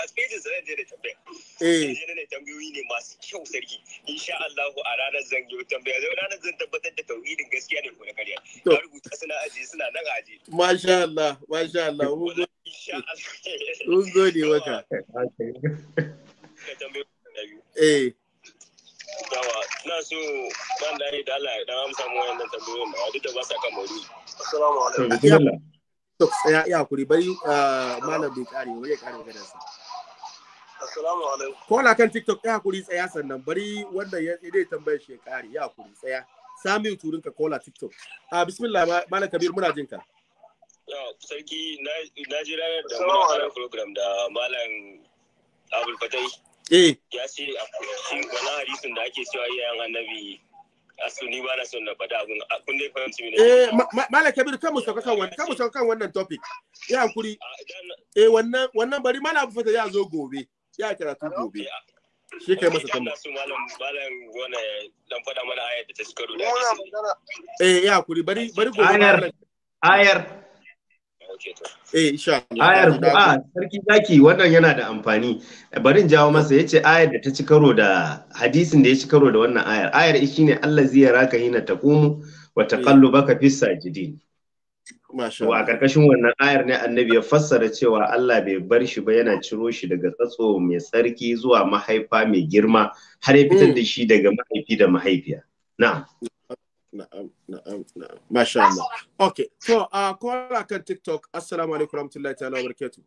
a spaces zan je da tambaya. Eh. Zan da tambayoyi ne masu kyau sarki. Insha Allah a ranar zan yi tambaya. Zan ranar zan tabbatar da tauhidin gaskiya ne ko na karya. Na rubuta suna aje suna nan aje. Masha Allah, masha Allah. Mun gode maka. eh dawa ina so ban da da Allah ya dawo amsa mu wannan tambayoyin da duk da ba sa kan maudu'i assalamu alaikum to tsaya iya kuri bari ah, malam bai kare wai ya kare gadan sa assalamu alaikum kola kan tiktok ya kuri tsaya sannan bari wanda ya dai tambayar shi ya kare ya kuri tsaya sami turin ka kola tiktok a ah, bismillah malam kabir muna jinka. sarki na ji ranar da muna fara program da malam abul fatai Eh. ya ce wani hadisin da ake cewa yayan annabi asu ba na son na faɗa abin kun dai fahimci ne eh kabir kan mu sauka kan wannan kan mu sauka kan wannan topic ya hankuri eh wannan wannan bari mallam abu fata ya zo gobe ya karatu ah, gobe shi kai masa tamba su malam malam gona dan faɗa mana ayar da ta shiga da eh ya hankuri bari bari gobe ayar ayar Eh, insha Allah. Ayar ah, sarki zaki wannan yana da amfani. Barin jawo masa yace ayar da ta ci karo da hadisin da ya ci karo da wannan ayar. Ayar ne Allah zai yaraka hina taqumu wa taqallubaka fis sajidin. Masha Allah. a ƙarƙashin wannan ayar ne annabi ya fassara cewa Allah bai bar shi ba yana ciro shi daga tsatso mai tsarki zuwa mahaifa mai girma har ya fitar mm. da shi daga mahaifi da mahaifiya. Na'am. Na'am, na'am, na'am. Masha Allah. Okay. So, a uh, kowa kan TikTok. Assalamu alaikum warahmatullahi ta'ala wa barakatuh.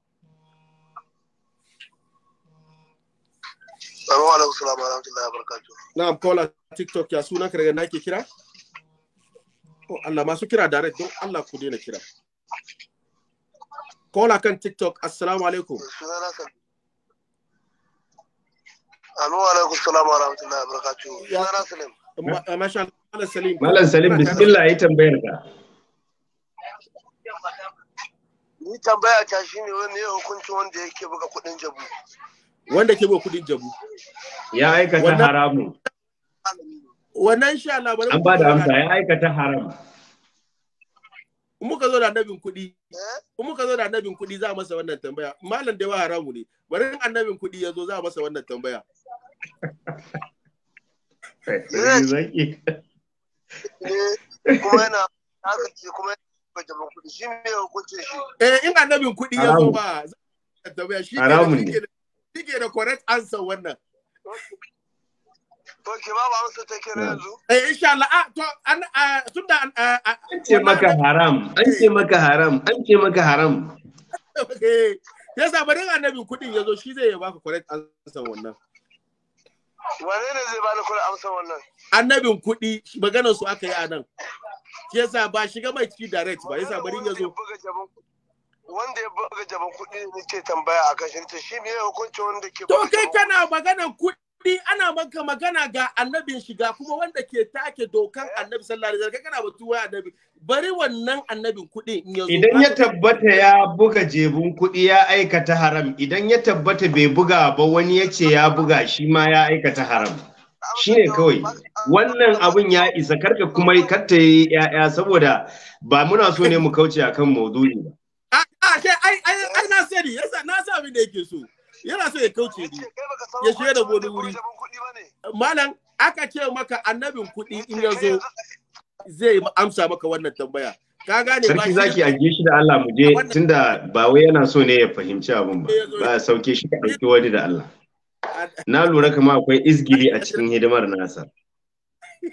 Assalamu alaikum warahmatullahi wa barakatuh. Na'am, kowa TikTok ya suna ka daga nake kira? Oh, Allah masu kira direct don Allah ku daina kira. Kola kan TikTok. Assalamu alaikum. Assalamu alaikum warahmatullahi wa barakatuh. Sunana Salim. Masha Allah. Malam Salim. bismillah yi tambayar ka. Ni tambaya ta ne wani ya hukuncin wanda yake buga kudin jabu. Wanda ke buga kudin jabu. Ya aikata haramu. Wannan sha labarin. An ba da amsa ya aikata haram. muka zo da annabin kuɗi eh? in muka zo da annabin kuɗi za a masa wannan tambaya malam da yawa haramu ne bari in annabin kuɗi ya zo za a masa wannan tambaya Eh, kuma yana hakanci kuɗi eh, annabin kuɗi ya zo ba tambaya shi ke shi ke da correct answer wannan to ba musu take yanzu eh insha Allah a ah, to an ah, tunda ah, an ce maka haram an ce maka haram an ce maka haram eh, yasa bari kuɗin ya zo shi zai ya baka correct answer wannan Wane ne zai bani kula amsa wannan? Annabin kuɗi maganar su aka yi a nan. yasa ba shiga mai ciki direct ba yasa bari ya zo. Wanda ya buga jaban kuɗi ne ke tambaya a kashin ta shi ne hukunci wanda ke To kai kana maganar kuɗi wuri ana maka magana ga annabin shiga kuma wanda ke take dokan annabi sallallahu alaihi wasallam kana batu wai annabi bari wannan annabin kuɗi in yazo idan ya tabbata ya buga jebun kuɗi ya aikata haram idan ya tabbata bai buga ba wani ya ce ya buga shi ma ya aikata haram shine kawai wannan abun ya isa karka kuma karta yi ya'ya saboda ba muna so ne mu kauce akan maudu'i ba a'a ai ai na sani yasa na sa abin da yake so yana so ya kauce ni ya shiga da wani wuri malam aka ce maka annabin kuɗi in ya zo zai amsa maka wannan tambaya ka gane ba sarki zaki a shi da Allah mu je tunda ba wai yana so ne ya fahimci abun ba ba sauke shi ka dauki wani da Allah na lura kama akwai izgili a cikin hidimar nasa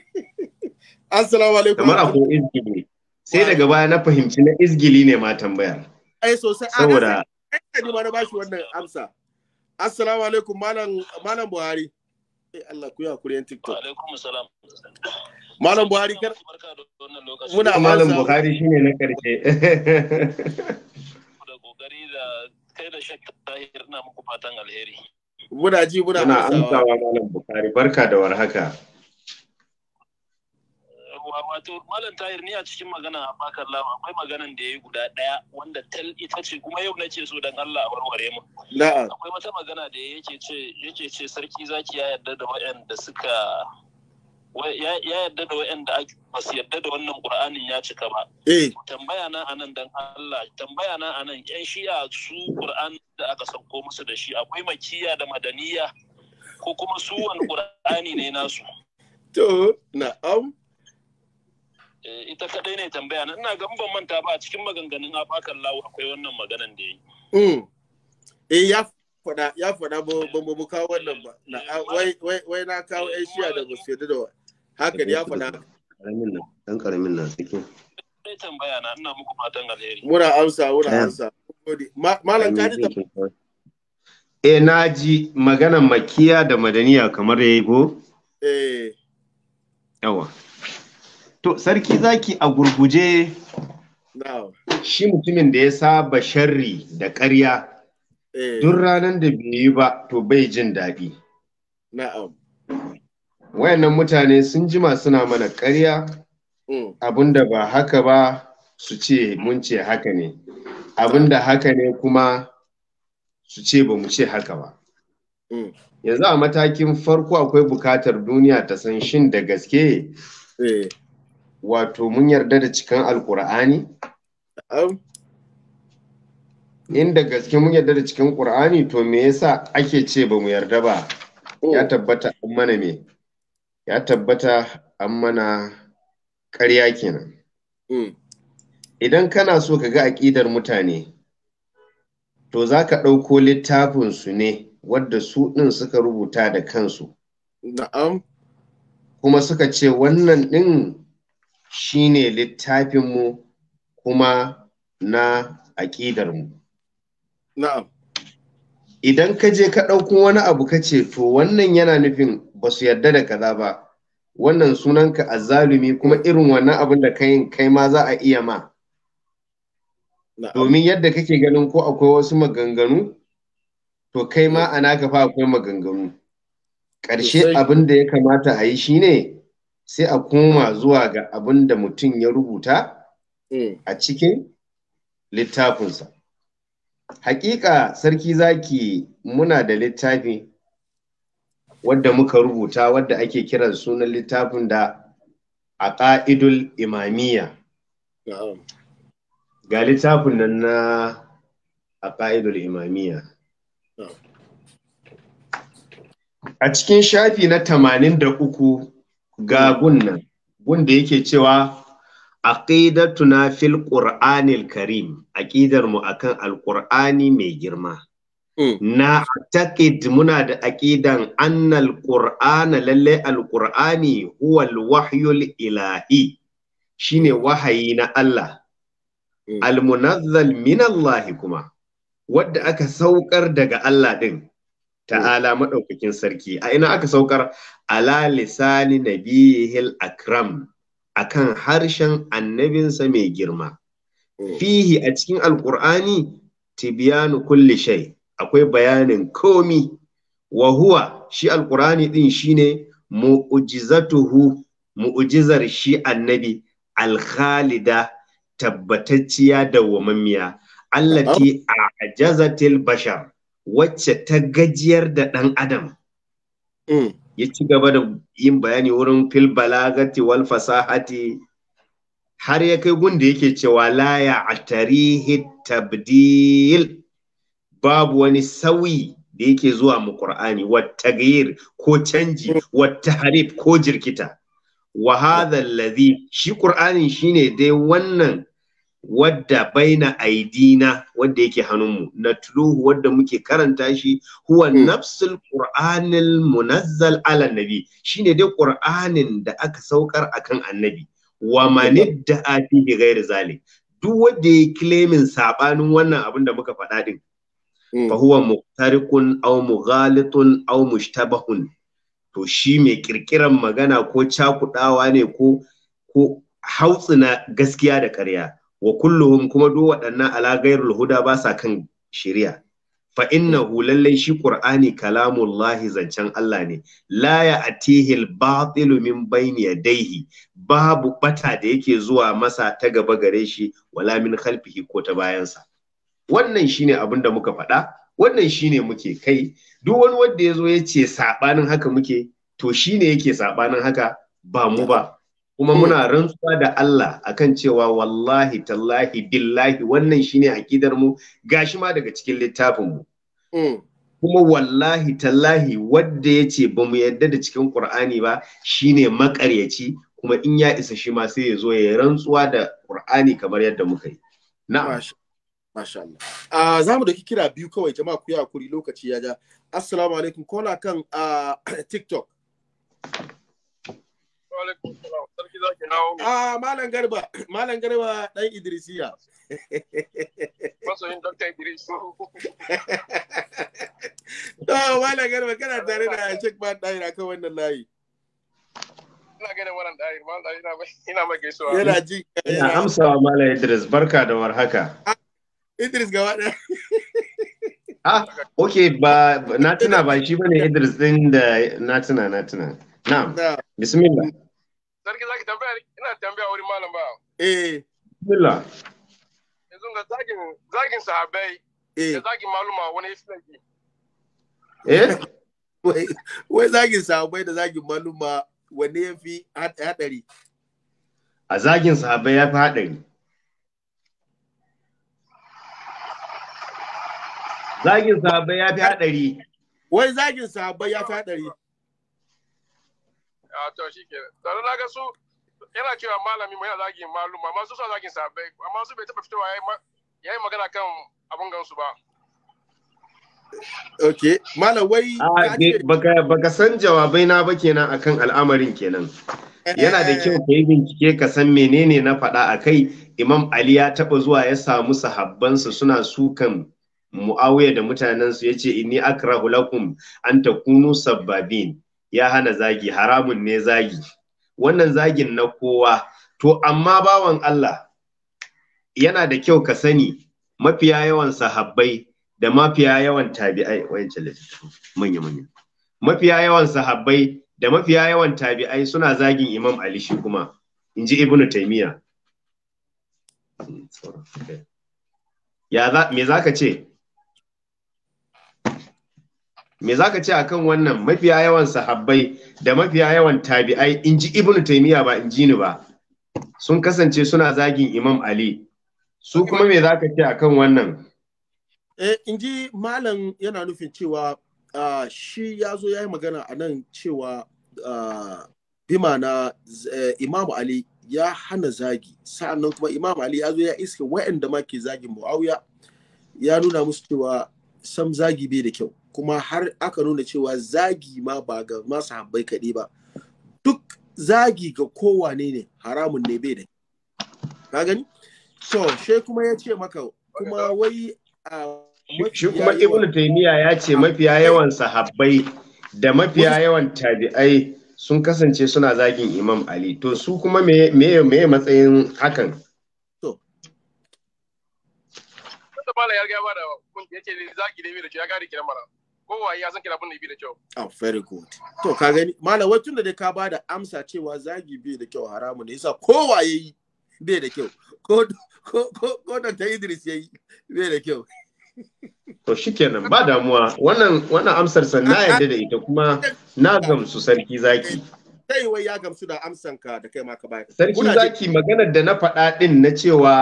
assalamu alaikum kamar akwai izgili sai daga baya na fahimci na izgili ne ma tambayar ai sosai saboda ai ma na bashi wannan amsa Assalamu alaikum malam malam Buhari. Eh Allah ku ya kuri yan TikTok. Wa alaikum assalam. Malam Buhari kar Muna malam Buhari shine na karshe. Da kokari da kai da shakka tahir na muku fatan alheri. Muna ji muna amsawa malam Buhari barka da warhaka. wato malam tahir ni a cikin magana a bakar lama akwai maganan da ya yi guda ɗaya wanda tal ita ce kuma yau nake so dan Allah a warware mu akwai wata magana da yake ce yake ce sarki zaki ya yarda da waɗanda suka ya yarda da waɗanda ba su yarda da wannan qur'anin ya cika ba eh. tambaya na anan dan Allah tambaya na anan yan shi'a su qur'an da aka sauko musu da shi akwai makiya da madaniya ko kuma su wani qur'ani ne nasu to na'am Eh, ita kadai ne tambaya na ina gan ban manta ba a cikin maganganun afakan lawo akwai wannan maganan da yi mm. eh ya faɗa ya fada ba mu kawo wannan ba eh, wai wai wai na kawo eh, ai shiya da ba su da haka ya faɗa karamin nan dan karamin nan sake sai tambaya na ina muku fatan alheri mura amsa mura amsa malam ka ta eh na ji maganan makiya da madaniya kamar yayi ko eh yawa To, sarki zaki a gurguje. Shi mutumin da ya saba sharri da ƙarya, eh. duk ranar da bai yi ba, to bai jin daɗi. Wayannan mutane sun jima suna mana ƙarya, mm. abinda ba haka ba su ce mun ce haka ne, abinda haka ne kuma su ce ba mu ce haka ba. Mm. Yanzu a matakin farko akwai buƙatar duniya ta san shin da gaske eh. wato mun yarda da cikan alkur'ani inda gaske mun yarda da cikin ƙur'ani to me yasa ake ce ba mu yarda ba mm. ya tabbata an mana me ya tabbata an mana ƙarya kenan mm. idan kana so ka ga aƙidar mutane to za ka ɗauko littafinsu ne wadda su ɗin suka rubuta da kansu kuma suka ce wannan ɗin shine littafinmu kuma na aƙidarmu. Na'am. Idan ka je ka ɗauko wani abu ka ce to wannan yana nufin ba su yarda da kaza ba, wannan sunanka azzalumi kuma irin wannan abin da kayin kai ma za a iya ma. Domin yadda kake ganin ko akwai wasu maganganu, to kai ma a naka fa akwai maganganu. Ƙarshe abin da ya kamata a yi shi ne. sai a koma zuwa ga abin da mutum ya rubuta eh. a cikin littafinsa. Hakika sarki zaki muna da littafi wadda muka rubuta wadda ake kiran sunan littafin da a ƙa'idul imamiyya. Ga littafin nan na a ƙa'idul imamiyya. A cikin shafi na tamanin da uku ga gunnan gun da yake cewa aqidatuna fil qur'anil karim aqidar mu akan alqur'ani mai girma hmm. na taqid muna da aqidan annal qur'ana lalle alqur'ani huwa alwahyul ilahi shine wahayi na Allah hmm. almunazzal min Allah kuma wadda aka saukar daga Allah din ta'ala maɗaukakin sarki a ina aka saukar ala lisani Hil, akram akan harshen annabinsa mai girma hmm. fihi a cikin alkur'ani tibiyanu kulli shay akwai bayanin komi wa huwa shi alkur'ani din shine mu'jizatuhu mu'jizar shi annabi alkhalida tabbatacciya dawwamammiya allati a ajazatil bashar wacce ta gajiyar da ɗan adam mm. ya ci gaba da yin bayani wurin fil balagati wal fasahati har ya kai gunda yake cewa laya a tarihi tabdil babu wani sauyi da yake zuwa mu Qur'ani wa ko canji mm. wa harif ko jirkita wa hadha shi Qur'anin shine dai wannan wadda baina aidina wadda yake hannunmu na tuluhu wadda muke karanta shi huwa hmm. nafsul qur'anil munazzal ala nabi shine dai qur'anin da aka saukar akan annabi wa manidda hmm. atihi ghairi zalik duk wanda ya claiming sabanin wannan abin da muka faɗa din hmm. fa huwa muqtarikun aw mughalitun aw mushtabahun to shi mai kirkiran magana ko cakudawa ne ko ko hautsina gaskiya da ƙarya wa kulluhum kuma duk waɗannan ala gairul huda ba sa kan shari'a fa innahu lallai shi qur'ani kalamullahi zancen Allah ne la ya atihil batilu min bayni yadayhi babu bata da yake zuwa masa ta gaba gare shi wala min khalfihi ko ta bayan sa. wannan shine abin da muka faɗa wannan shine muke kai duk wani wanda yazo yace sabanin saɓanin haka muke to shine yake saɓanin haka ba mu ba kuma muna eh. rantsuwa da Allah akan cewa wallahi tallahi billahi wannan shine akidar mu gashi ma daga cikin littafin mu eh. kuma wallahi tallahi wadda ya ce ba mu yadda da cikin Qur'ani ba shine makaryaci kuma in ya isa shi ma sai ya zo ya rantsuwa da Qur'ani kamar yadda muka yi na'am masha Allah ah, za mu dauki kira biyu kawai jama'a ku yi hakuri lokaci ya ja assalamu alaikum kola kan ah, TikTok alaikum salam Ah, Malam Garba, Malam Garba ɗan Idrisiya. Masoyin Dr. Idris. To, oh, Malam Garba, kana tare da Sheikh Ban Ɗahir akan wannan layi. Ina gaida wannan Ɗahir, Malam Ɗahir ina mai gaisuwa. Yana ji. Ina amsawa Malam Idris, barka da warhaka. Ah, Idris gaba ɗaya. Ah, ok, ba, na tuna ba shi bane Idris da na tuna, na tuna. Na'am, bismillah. sarki zaki tambaya ina tambaya wurin malam ba eh billa yanzu ga zagin zagin sahabbai da eh. zagin maluma wani yafi eh wai zagin sahabbai da zagin maluma wani yafi hadari a zagin sahabbai yafi hadari Zagin sahabbai yafi hadari haɗari. Wai zagin sahabbai yafi hadari haɗari. a ah, to shi ke tare na ga su yana cewa malami mai zagin maluma masu su zagin sabai amma su bai taba fitowa ya yi magana kan abun gansu ba ok malam wai ah, baka san jawabai na ba kenan akan al'amarin kenan yana da kyau ka yi bincike ka san menene na faɗa a kai imam ali ya taɓa zuwa ya samu sahabbansa suna sukan mu'awiya da mutanensu ya ce inni akrahu lakum an takunu sabbabin ya hana zagi haramun ne zagi wannan zagin na kowa to amma bawan Allah yana da kyau ka sani mafiya yawan sahabbai da mafiya yawan tabi'ai wayancan manya manya mafiya yawan sahabbai da mafiya yawan tabi'ai suna zagin Imam Ali shi kuma inji Ibn Taymiyyah hmm, ya za me zaka ce me zaka ce akan wannan mafiya yawan sahabbai da mafiya yawan tabi'ai in ji ibnu taymiya ba in ji ni ba sun kasance suna zagin imam ali su kuma me zaka ce akan wannan eh in ji malam yana nufin cewa shi ya zo ya yi magana a nan cewa bima na eh, "Imam ali ya hana zagi sa'annan kuma "Imam ali ya zo ya iske wa'anda ma ke zagin muawiya ya nuna musu cewa sam zagi bai da kyau kuma har aka nuna cewa zagi ma ba ga masu habbai kaɗai ba duk zagi ga kowane ne haramun ne bai da ka gani so she kuma ya ce maka kuma wai a shi kuma ibnu taymiya ya ce mafiya yawan sahabbai da mafiya yawan tabi'ai sun kasance suna zagin imam ali to su kuma me me matsayin hakan to ya ce zagi da ya gane kiran mara kowa ya san kilabun bi da kyau oh very good to ka gani malam watun tunda da ka ba da amsa cewa zagi bai da kyau haramu ne yasa kowa yi bai da kyau ko da ta Idris yi bai da kyau to shikenan ba damuwa wannan wannan amsar san na yarda da ita kuma na gamsu sarki zaki Sai wai ya gamsu da amsan ka da kai ma ka bayar sarki zaki maganar da na faɗa din na cewa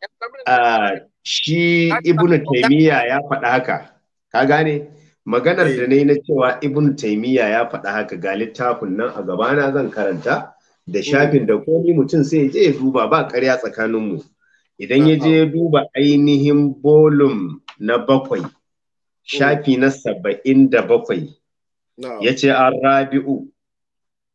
eh, ah, shi Ibn taymiya ya faɗa haka ka gane maganar da eh. ne na cewa ibn taimiyya ya faɗa haka ga littafin nan a gabana zan karanta da mm. shafin da komi mutum sai je ya duba ba ƙarya tsakaninmu idan ya je duba ainihin bolum na bakwai mm. shafi na saba'in da bakwai ya ce an rabi'u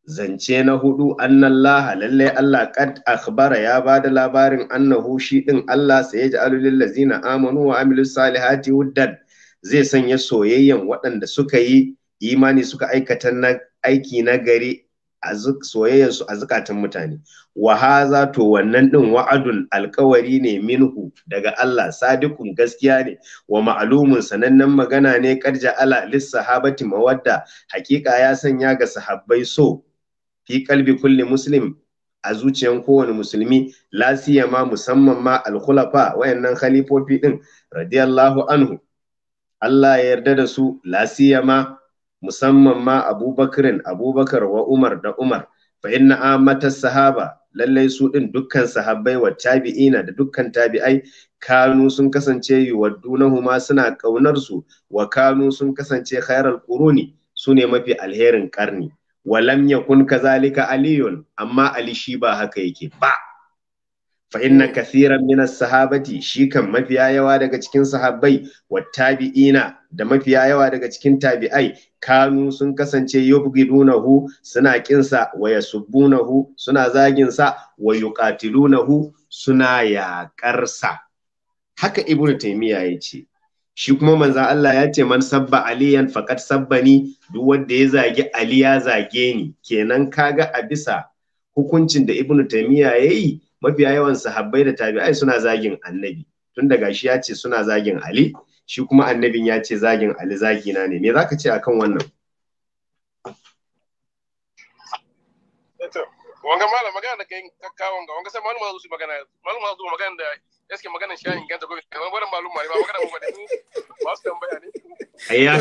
zance na hudu annallaha lallai Allah kad akhbara ya ba da labarin annahu shi din Allah sai ya ji alulillazina amanu wa amilus salihati wuddad zai sanya soyayyan waɗanda suka yi imani suka aikata na aiki na gari a soyayyarsu a zukatan mutane wa za to wannan ɗin wa'adun alkawari ne minhu daga Allah sadikun gaskiya ne wa ma'lumun sanannen magana ne karja ala lis sahabati mawadda hakika ya sanya ga sahabbai so fi kalbi kulli muslim a zuciyan kowane musulmi la ma musamman ma alkhulafa wayannan khalifofi din radiyallahu anhu Allah ya yarda da su lasiyama musamman ma abubakrin abubakar wa umar da umar fa inna amata sahaba lallai su din dukkan sahabbai wa tabi'ina da dukkan tabi'ai kanu sun kasance yuwaddunahuma suna kaunar su wa kanu sun kasance khairal quruni sune mafi alherin karni wa lam yakun kazalika aliyun amma ali shi ba haka yake ba fa inna kathiran min sahabati shi kan mafiya yawa daga cikin sahabbai wa tabi'ina da mafiya yawa daga cikin tabi'ai kanu sun kasance yubghidunahu suna kinsa wa yasubbunahu suna zagin sa wa yuqatilunahu suna yaƙarsa. haka ibnu taymiya yace shi kuma manzan Allah ya ce man sabba aliyan faƙat sabbani duk wanda ya zagi ali ya zage ni kenan kaga a bisa hukuncin da ibnu taymiya yayi mafiya yawan sahabbai da tabi'ai suna zagin annabi tun daga shi ya ce suna zagin ali shi kuma annabin ya ce zagin ali zagina ne me zaka ce akan wannan wanga mala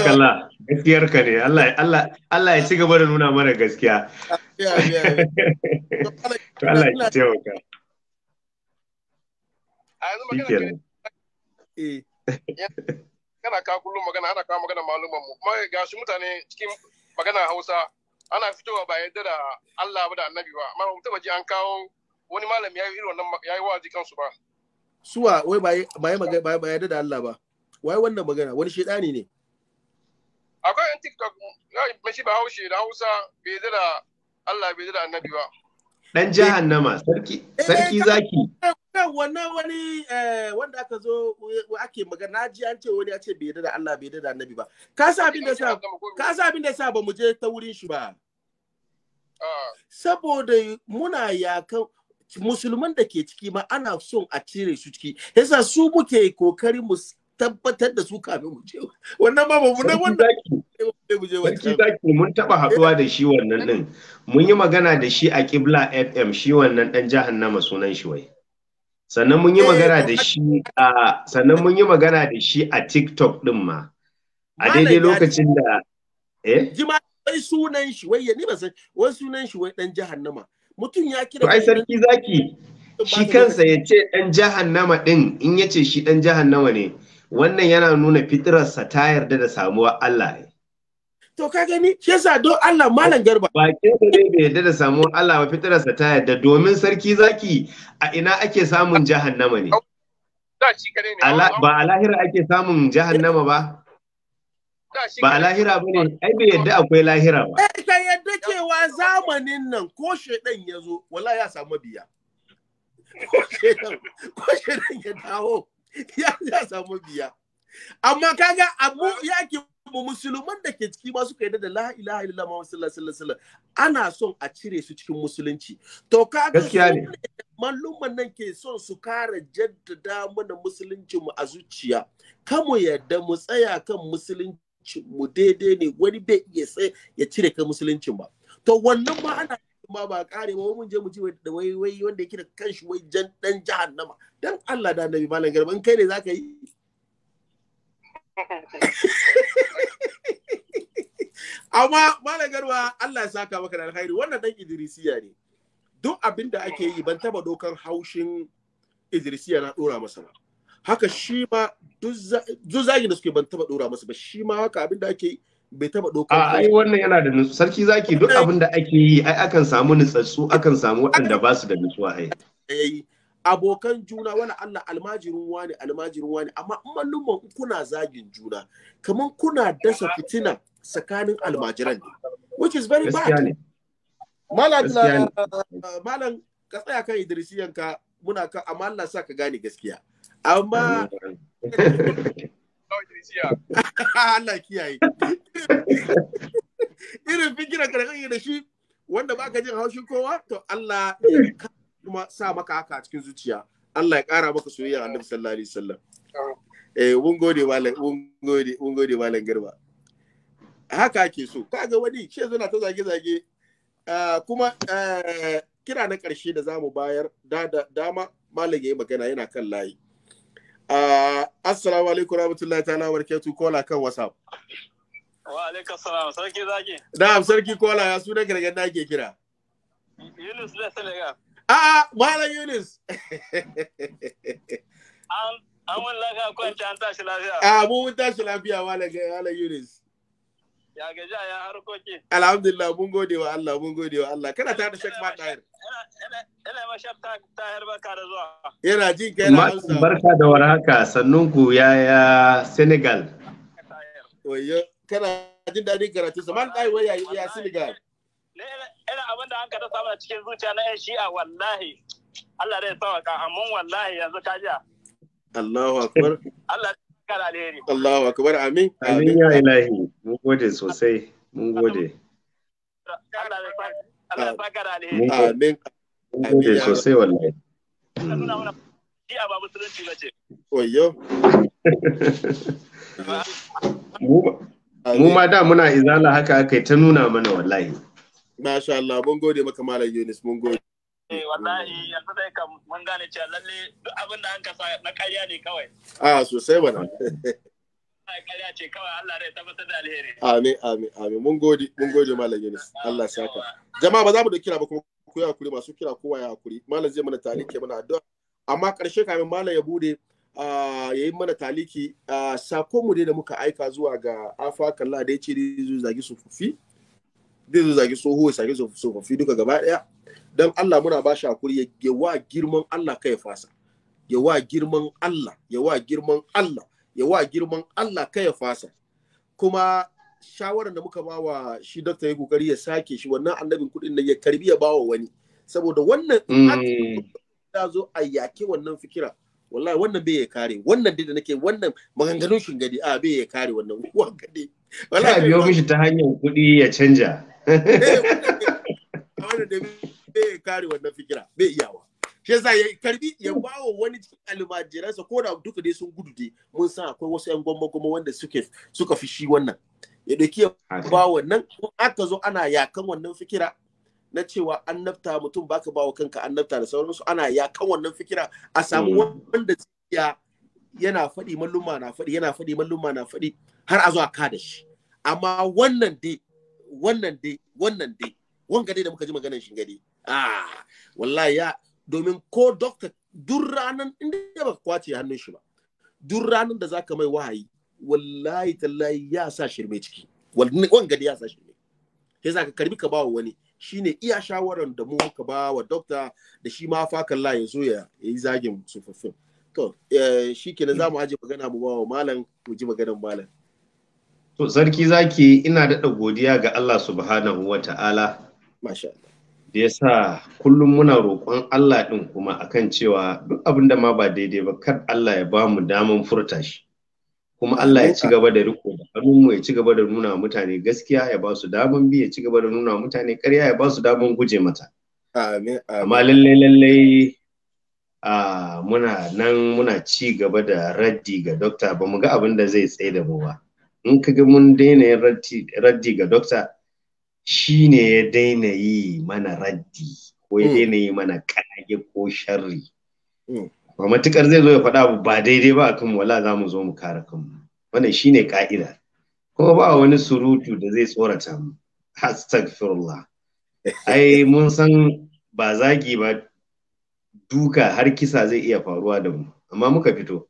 kalla gaskiyar ka ne Allah ya ci gaba da nuna mana gaskiya Allah ya taimaka a yanzu magana eh kana ka kullum magana ana kawo magana maluman mu kuma ga shi mutane cikin magana Hausa ana fitowa ba yadda da Allah ba da Annabi ba amma mutum ji an kawo wani malami yi irin wannan yi wazi kansu ba suwa wai ba ya ba yadda da Allah ba wai wannan magana wani shedani ne akwai yan TikTok mai shi ba haushe da Hausa bai yadda da Allah bai yadda da Annabi ba dan jahannama sarki eh, sarki zaki wannan wani eh, wanda aka zo eh, ake magana ji an ce wani ya ce bai da Allah bai da annabi ba ka sa abin da sa ka sa abin da sa ba mu je ta wurin shi ba ah. saboda muna yakan musulman da ke ciki ma ana son a cire su ciki yasa su muke kokari mu tabbatar da su kafin mu je wannan ba mu na wannan Sarki zaki mun taɓa haɗuwa da shi wannan ɗin mun yi magana da shi a Kibla FM shi wannan dan jahannama sunan shi wai sannan mun yi eh, magana da shi a sannan mun yi magana da shi a TikTok din ma a daidai lokacin da eh ji ma wai sunan shi wai ya ni ba san wai sunan shi wai dan jahannama mutum ya kira ai sarki zaki shi kansa ya ce dan jahannama din in ya ce shi dan jahannama ne wannan yana nuna fitirarsa ta yarda da samuwar Allah ne to ka gani shi yasa don Allah malam garba ke da dai bai yadda da samu Allah ba sa ta yadda domin sarki zaki a ina ake samun jahannama ne ba a lahira ake samun jahannama ba ba a lahira ba ne ai bai yadda akwai lahira ba eh ka yadda cewa zamanin nan ko shedan ya zo wallahi ya samu biya ko shedan ya dawo ya samu biya amma kaga abu yaki kuma musulman da ke ciki ma suka yarda da la ilaha illallah muhammad sallallahu alaihi wasallam ana son a cire su cikin musulunci to ka ga malluman nan ke son su kara jaddada mana musulunci mu a zuciya kamu yadda mu tsaya kan musulunci mu daidai ne wani bai iya tsaye ya cire kan musuluncin ba to wannan ma ana ma ba kare ba mun je mu ji da wai wai wanda yake da kanshi wai jan dan jahannama dan Allah da annabi malam garba in kai ne zaka yi Amma Malam Garba Allah ya saka maka da alkhairi wannan dan Idrisiya ne. Duk abin da ake yi ban taba dokan haushin Idrisiya na dora masa ba. Haka shi ma duk zagi da suke ban taba dora masa ba shi ma haka abin da ake yi bai taba dokan a ai wannan yana da nutsu sarki zaki duk abin da ake yi ai akan samu nutsatsu akan samu waɗanda ba su da nutsuwa ai. Eh, abokan juna wani Allah almajirin wani almajirin wani amma mallumman kuna zagin juna kaman kuna dasa fitina tsakanin almajiran ne which is very bad eh, malam ka tsaya kan idrisiyanka muna kan amma Allah sa ka gane gaskiya amma Allah kiyaye irin fikira karkan da shi wanda ba ka jin haushin kowa to Allah ya kuma sa maka haka a cikin zuciya Allah ya kara maka soyayya annabi sallallahu alaihi wasallam eh mun gode malam mun gode mun gode malam garba haka ake so kaga wani shi zuna ta zage zage ah, kuma eh, kira na ƙarshe da zamu bayar da dama malam yayi magana yana kan layi ah, assalamu alaikum rahmatullahi ta'ala wa kola kan whatsapp wa alaikum salam sarki zaki na'am sarki kola ya sunan gargaɗa ke kira Yunus da Senegal A'a, Malam Yunus. An wani tashi lafiya. A mu mun Yunus. Ya ya Alhamdulillah mun gode wa Allah mun gode wa Allah. Kana tare da Sheikh Mat Ina ma Sheikh Tahir barka da zuwa. Yana jin kai na Hausa. Barka da warhaka sannun ku Senegal. kana jin daɗin karatu sa Mat Tahir wai ya Senegal. irin abin da an ka dasa mana cikin zuciya na yan shi'a wallahi Allah zai sauka amma wallahi yanzu ka ja Allahu akbar Allah ka da alheri Allahu akbar amin amin ya ilahi mun gode sosai mun gode Allah ya da amin mun gode sosai wallahi mu ma da muna izala haka aka yi ta nuna mana wallahi Masha Allah, mun gode maka Malam Yunus, mun gode. Eh, wallahi yanzu dai kam mun gane cewa lalle duk abin da an kasa na ƙarya ne kawai. Ah, sosai wannan. Ƙarya ce kawai Allah rai tabbatar da alheri. Amin, amin, amin. Mun gode, mun gode Malam Yunus. Allah saka. Jama'a ba za mu da kira ba kuma ku yi hakuri masu kira kowa ya hakuri. Malam zai mana taliki mana addu'a. Amma ƙarshe kamin Malam ya bude ya yi mana taliki uh, sako mu dai da muka aika zuwa ga afa kalla da ya ce zagi su fufi zai zo zage tsoho ya sake tsofaffi duka gaba ɗaya don Allah muna ba shi hakuri ya wa girman Allah kai fasa ya wa girman Allah ya wa girman Allah ya wa girman Allah kai fasa kuma shawarar da muka ba wa shi dokta ya kokari ya sake shi wannan annabin kuɗin da ya karbi ya bawa wani saboda wannan mm. ya zo a yake wannan fikira wallahi wannan bai ya kare wannan da nake wannan maganganun shingadi a bai ya kare wannan uwa gade wallahi biyo mishi ta hanyar kuɗi ya canja wanda da bai kare wannan fikira bai iyawa shi yasa ya karbi ya bawo wani cikin almajiransa ko da duka dai sun gudu dai mun san akwai wasu yan gwamma kuma wanda suke suka fi shi wannan ya dauki ya ba wannan in aka zo ana yakan wannan fikira na cewa annabta mutum baka ba wa kanka annabta da sauransu ana yakan wannan fikira a samu mm. wanda ya yana faɗi malluma na faɗi yana faɗi malluma na faɗi har a zo a kada shi amma wannan dai wannan dai wannan dai wanga dai da muka ji maganar shi gari ah wallahi ya domin ko doctor duk ranan inda ya baka kwace hannun shi ba duk ranan da zaka mai wahayi wallahi tallahi ya sa shirme ciki wanga dai ya sa shirme sai zaka karbi ka bawa wani shine iya shawaran da mu muka ba wa doctor da shi ma fakan la ya zo ya yi zagin sufuffin to eh, shi kenan za mu aje magana mu ba wa malam mu ji maganar malam To sarki zaki ina daɗa godiya ga Allah subhanahu wa ta'ala. Da ya sa kullum muna roƙon Allah ɗin kuma akan cewa duk abin da ma ba daidai ba kar Allah ya ba mu daman furta shi. Kuma Allah ya ci gaba da riko da ya ci gaba da nuna mutane gaskiya ya ba su daman bi ya ci gaba da nuna mutane ƙarya ya ba su daman guje mata. Amma lallai lallai muna nan muna ci gaba da raddi ga dokta ba mu ga abin da zai tsaye da mu ba. in ka ga mun daina yin raddi ga dokta shi ne ya daina yi mana raddi ko ya hmm. daina yi mana kage ko sharri hmm. ba matukar zai zo ya faɗa abu ba daidai ba kan wala za mu zo mu kare kanmu wannan shi ne ka'ida kuma ba wani surutu da zai tsorata mu astagfirullah ai mun san ba zagi ba duka har kisa zai iya faruwa da mu amma muka fito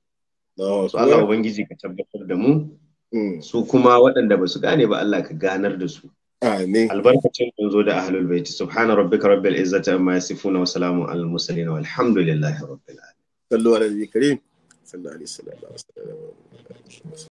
Allah Ubangiji ka tabbatar da mu Mm. su kuma waɗanda ba su gane ba Allah ka ganar da su amin albarkacin mun zo da ahlul bait subhana rabbika rabbil izzati amma yasifuna wa salamun alal mursalin walhamdulillahi rabbil alamin sallu ala karim sallallahu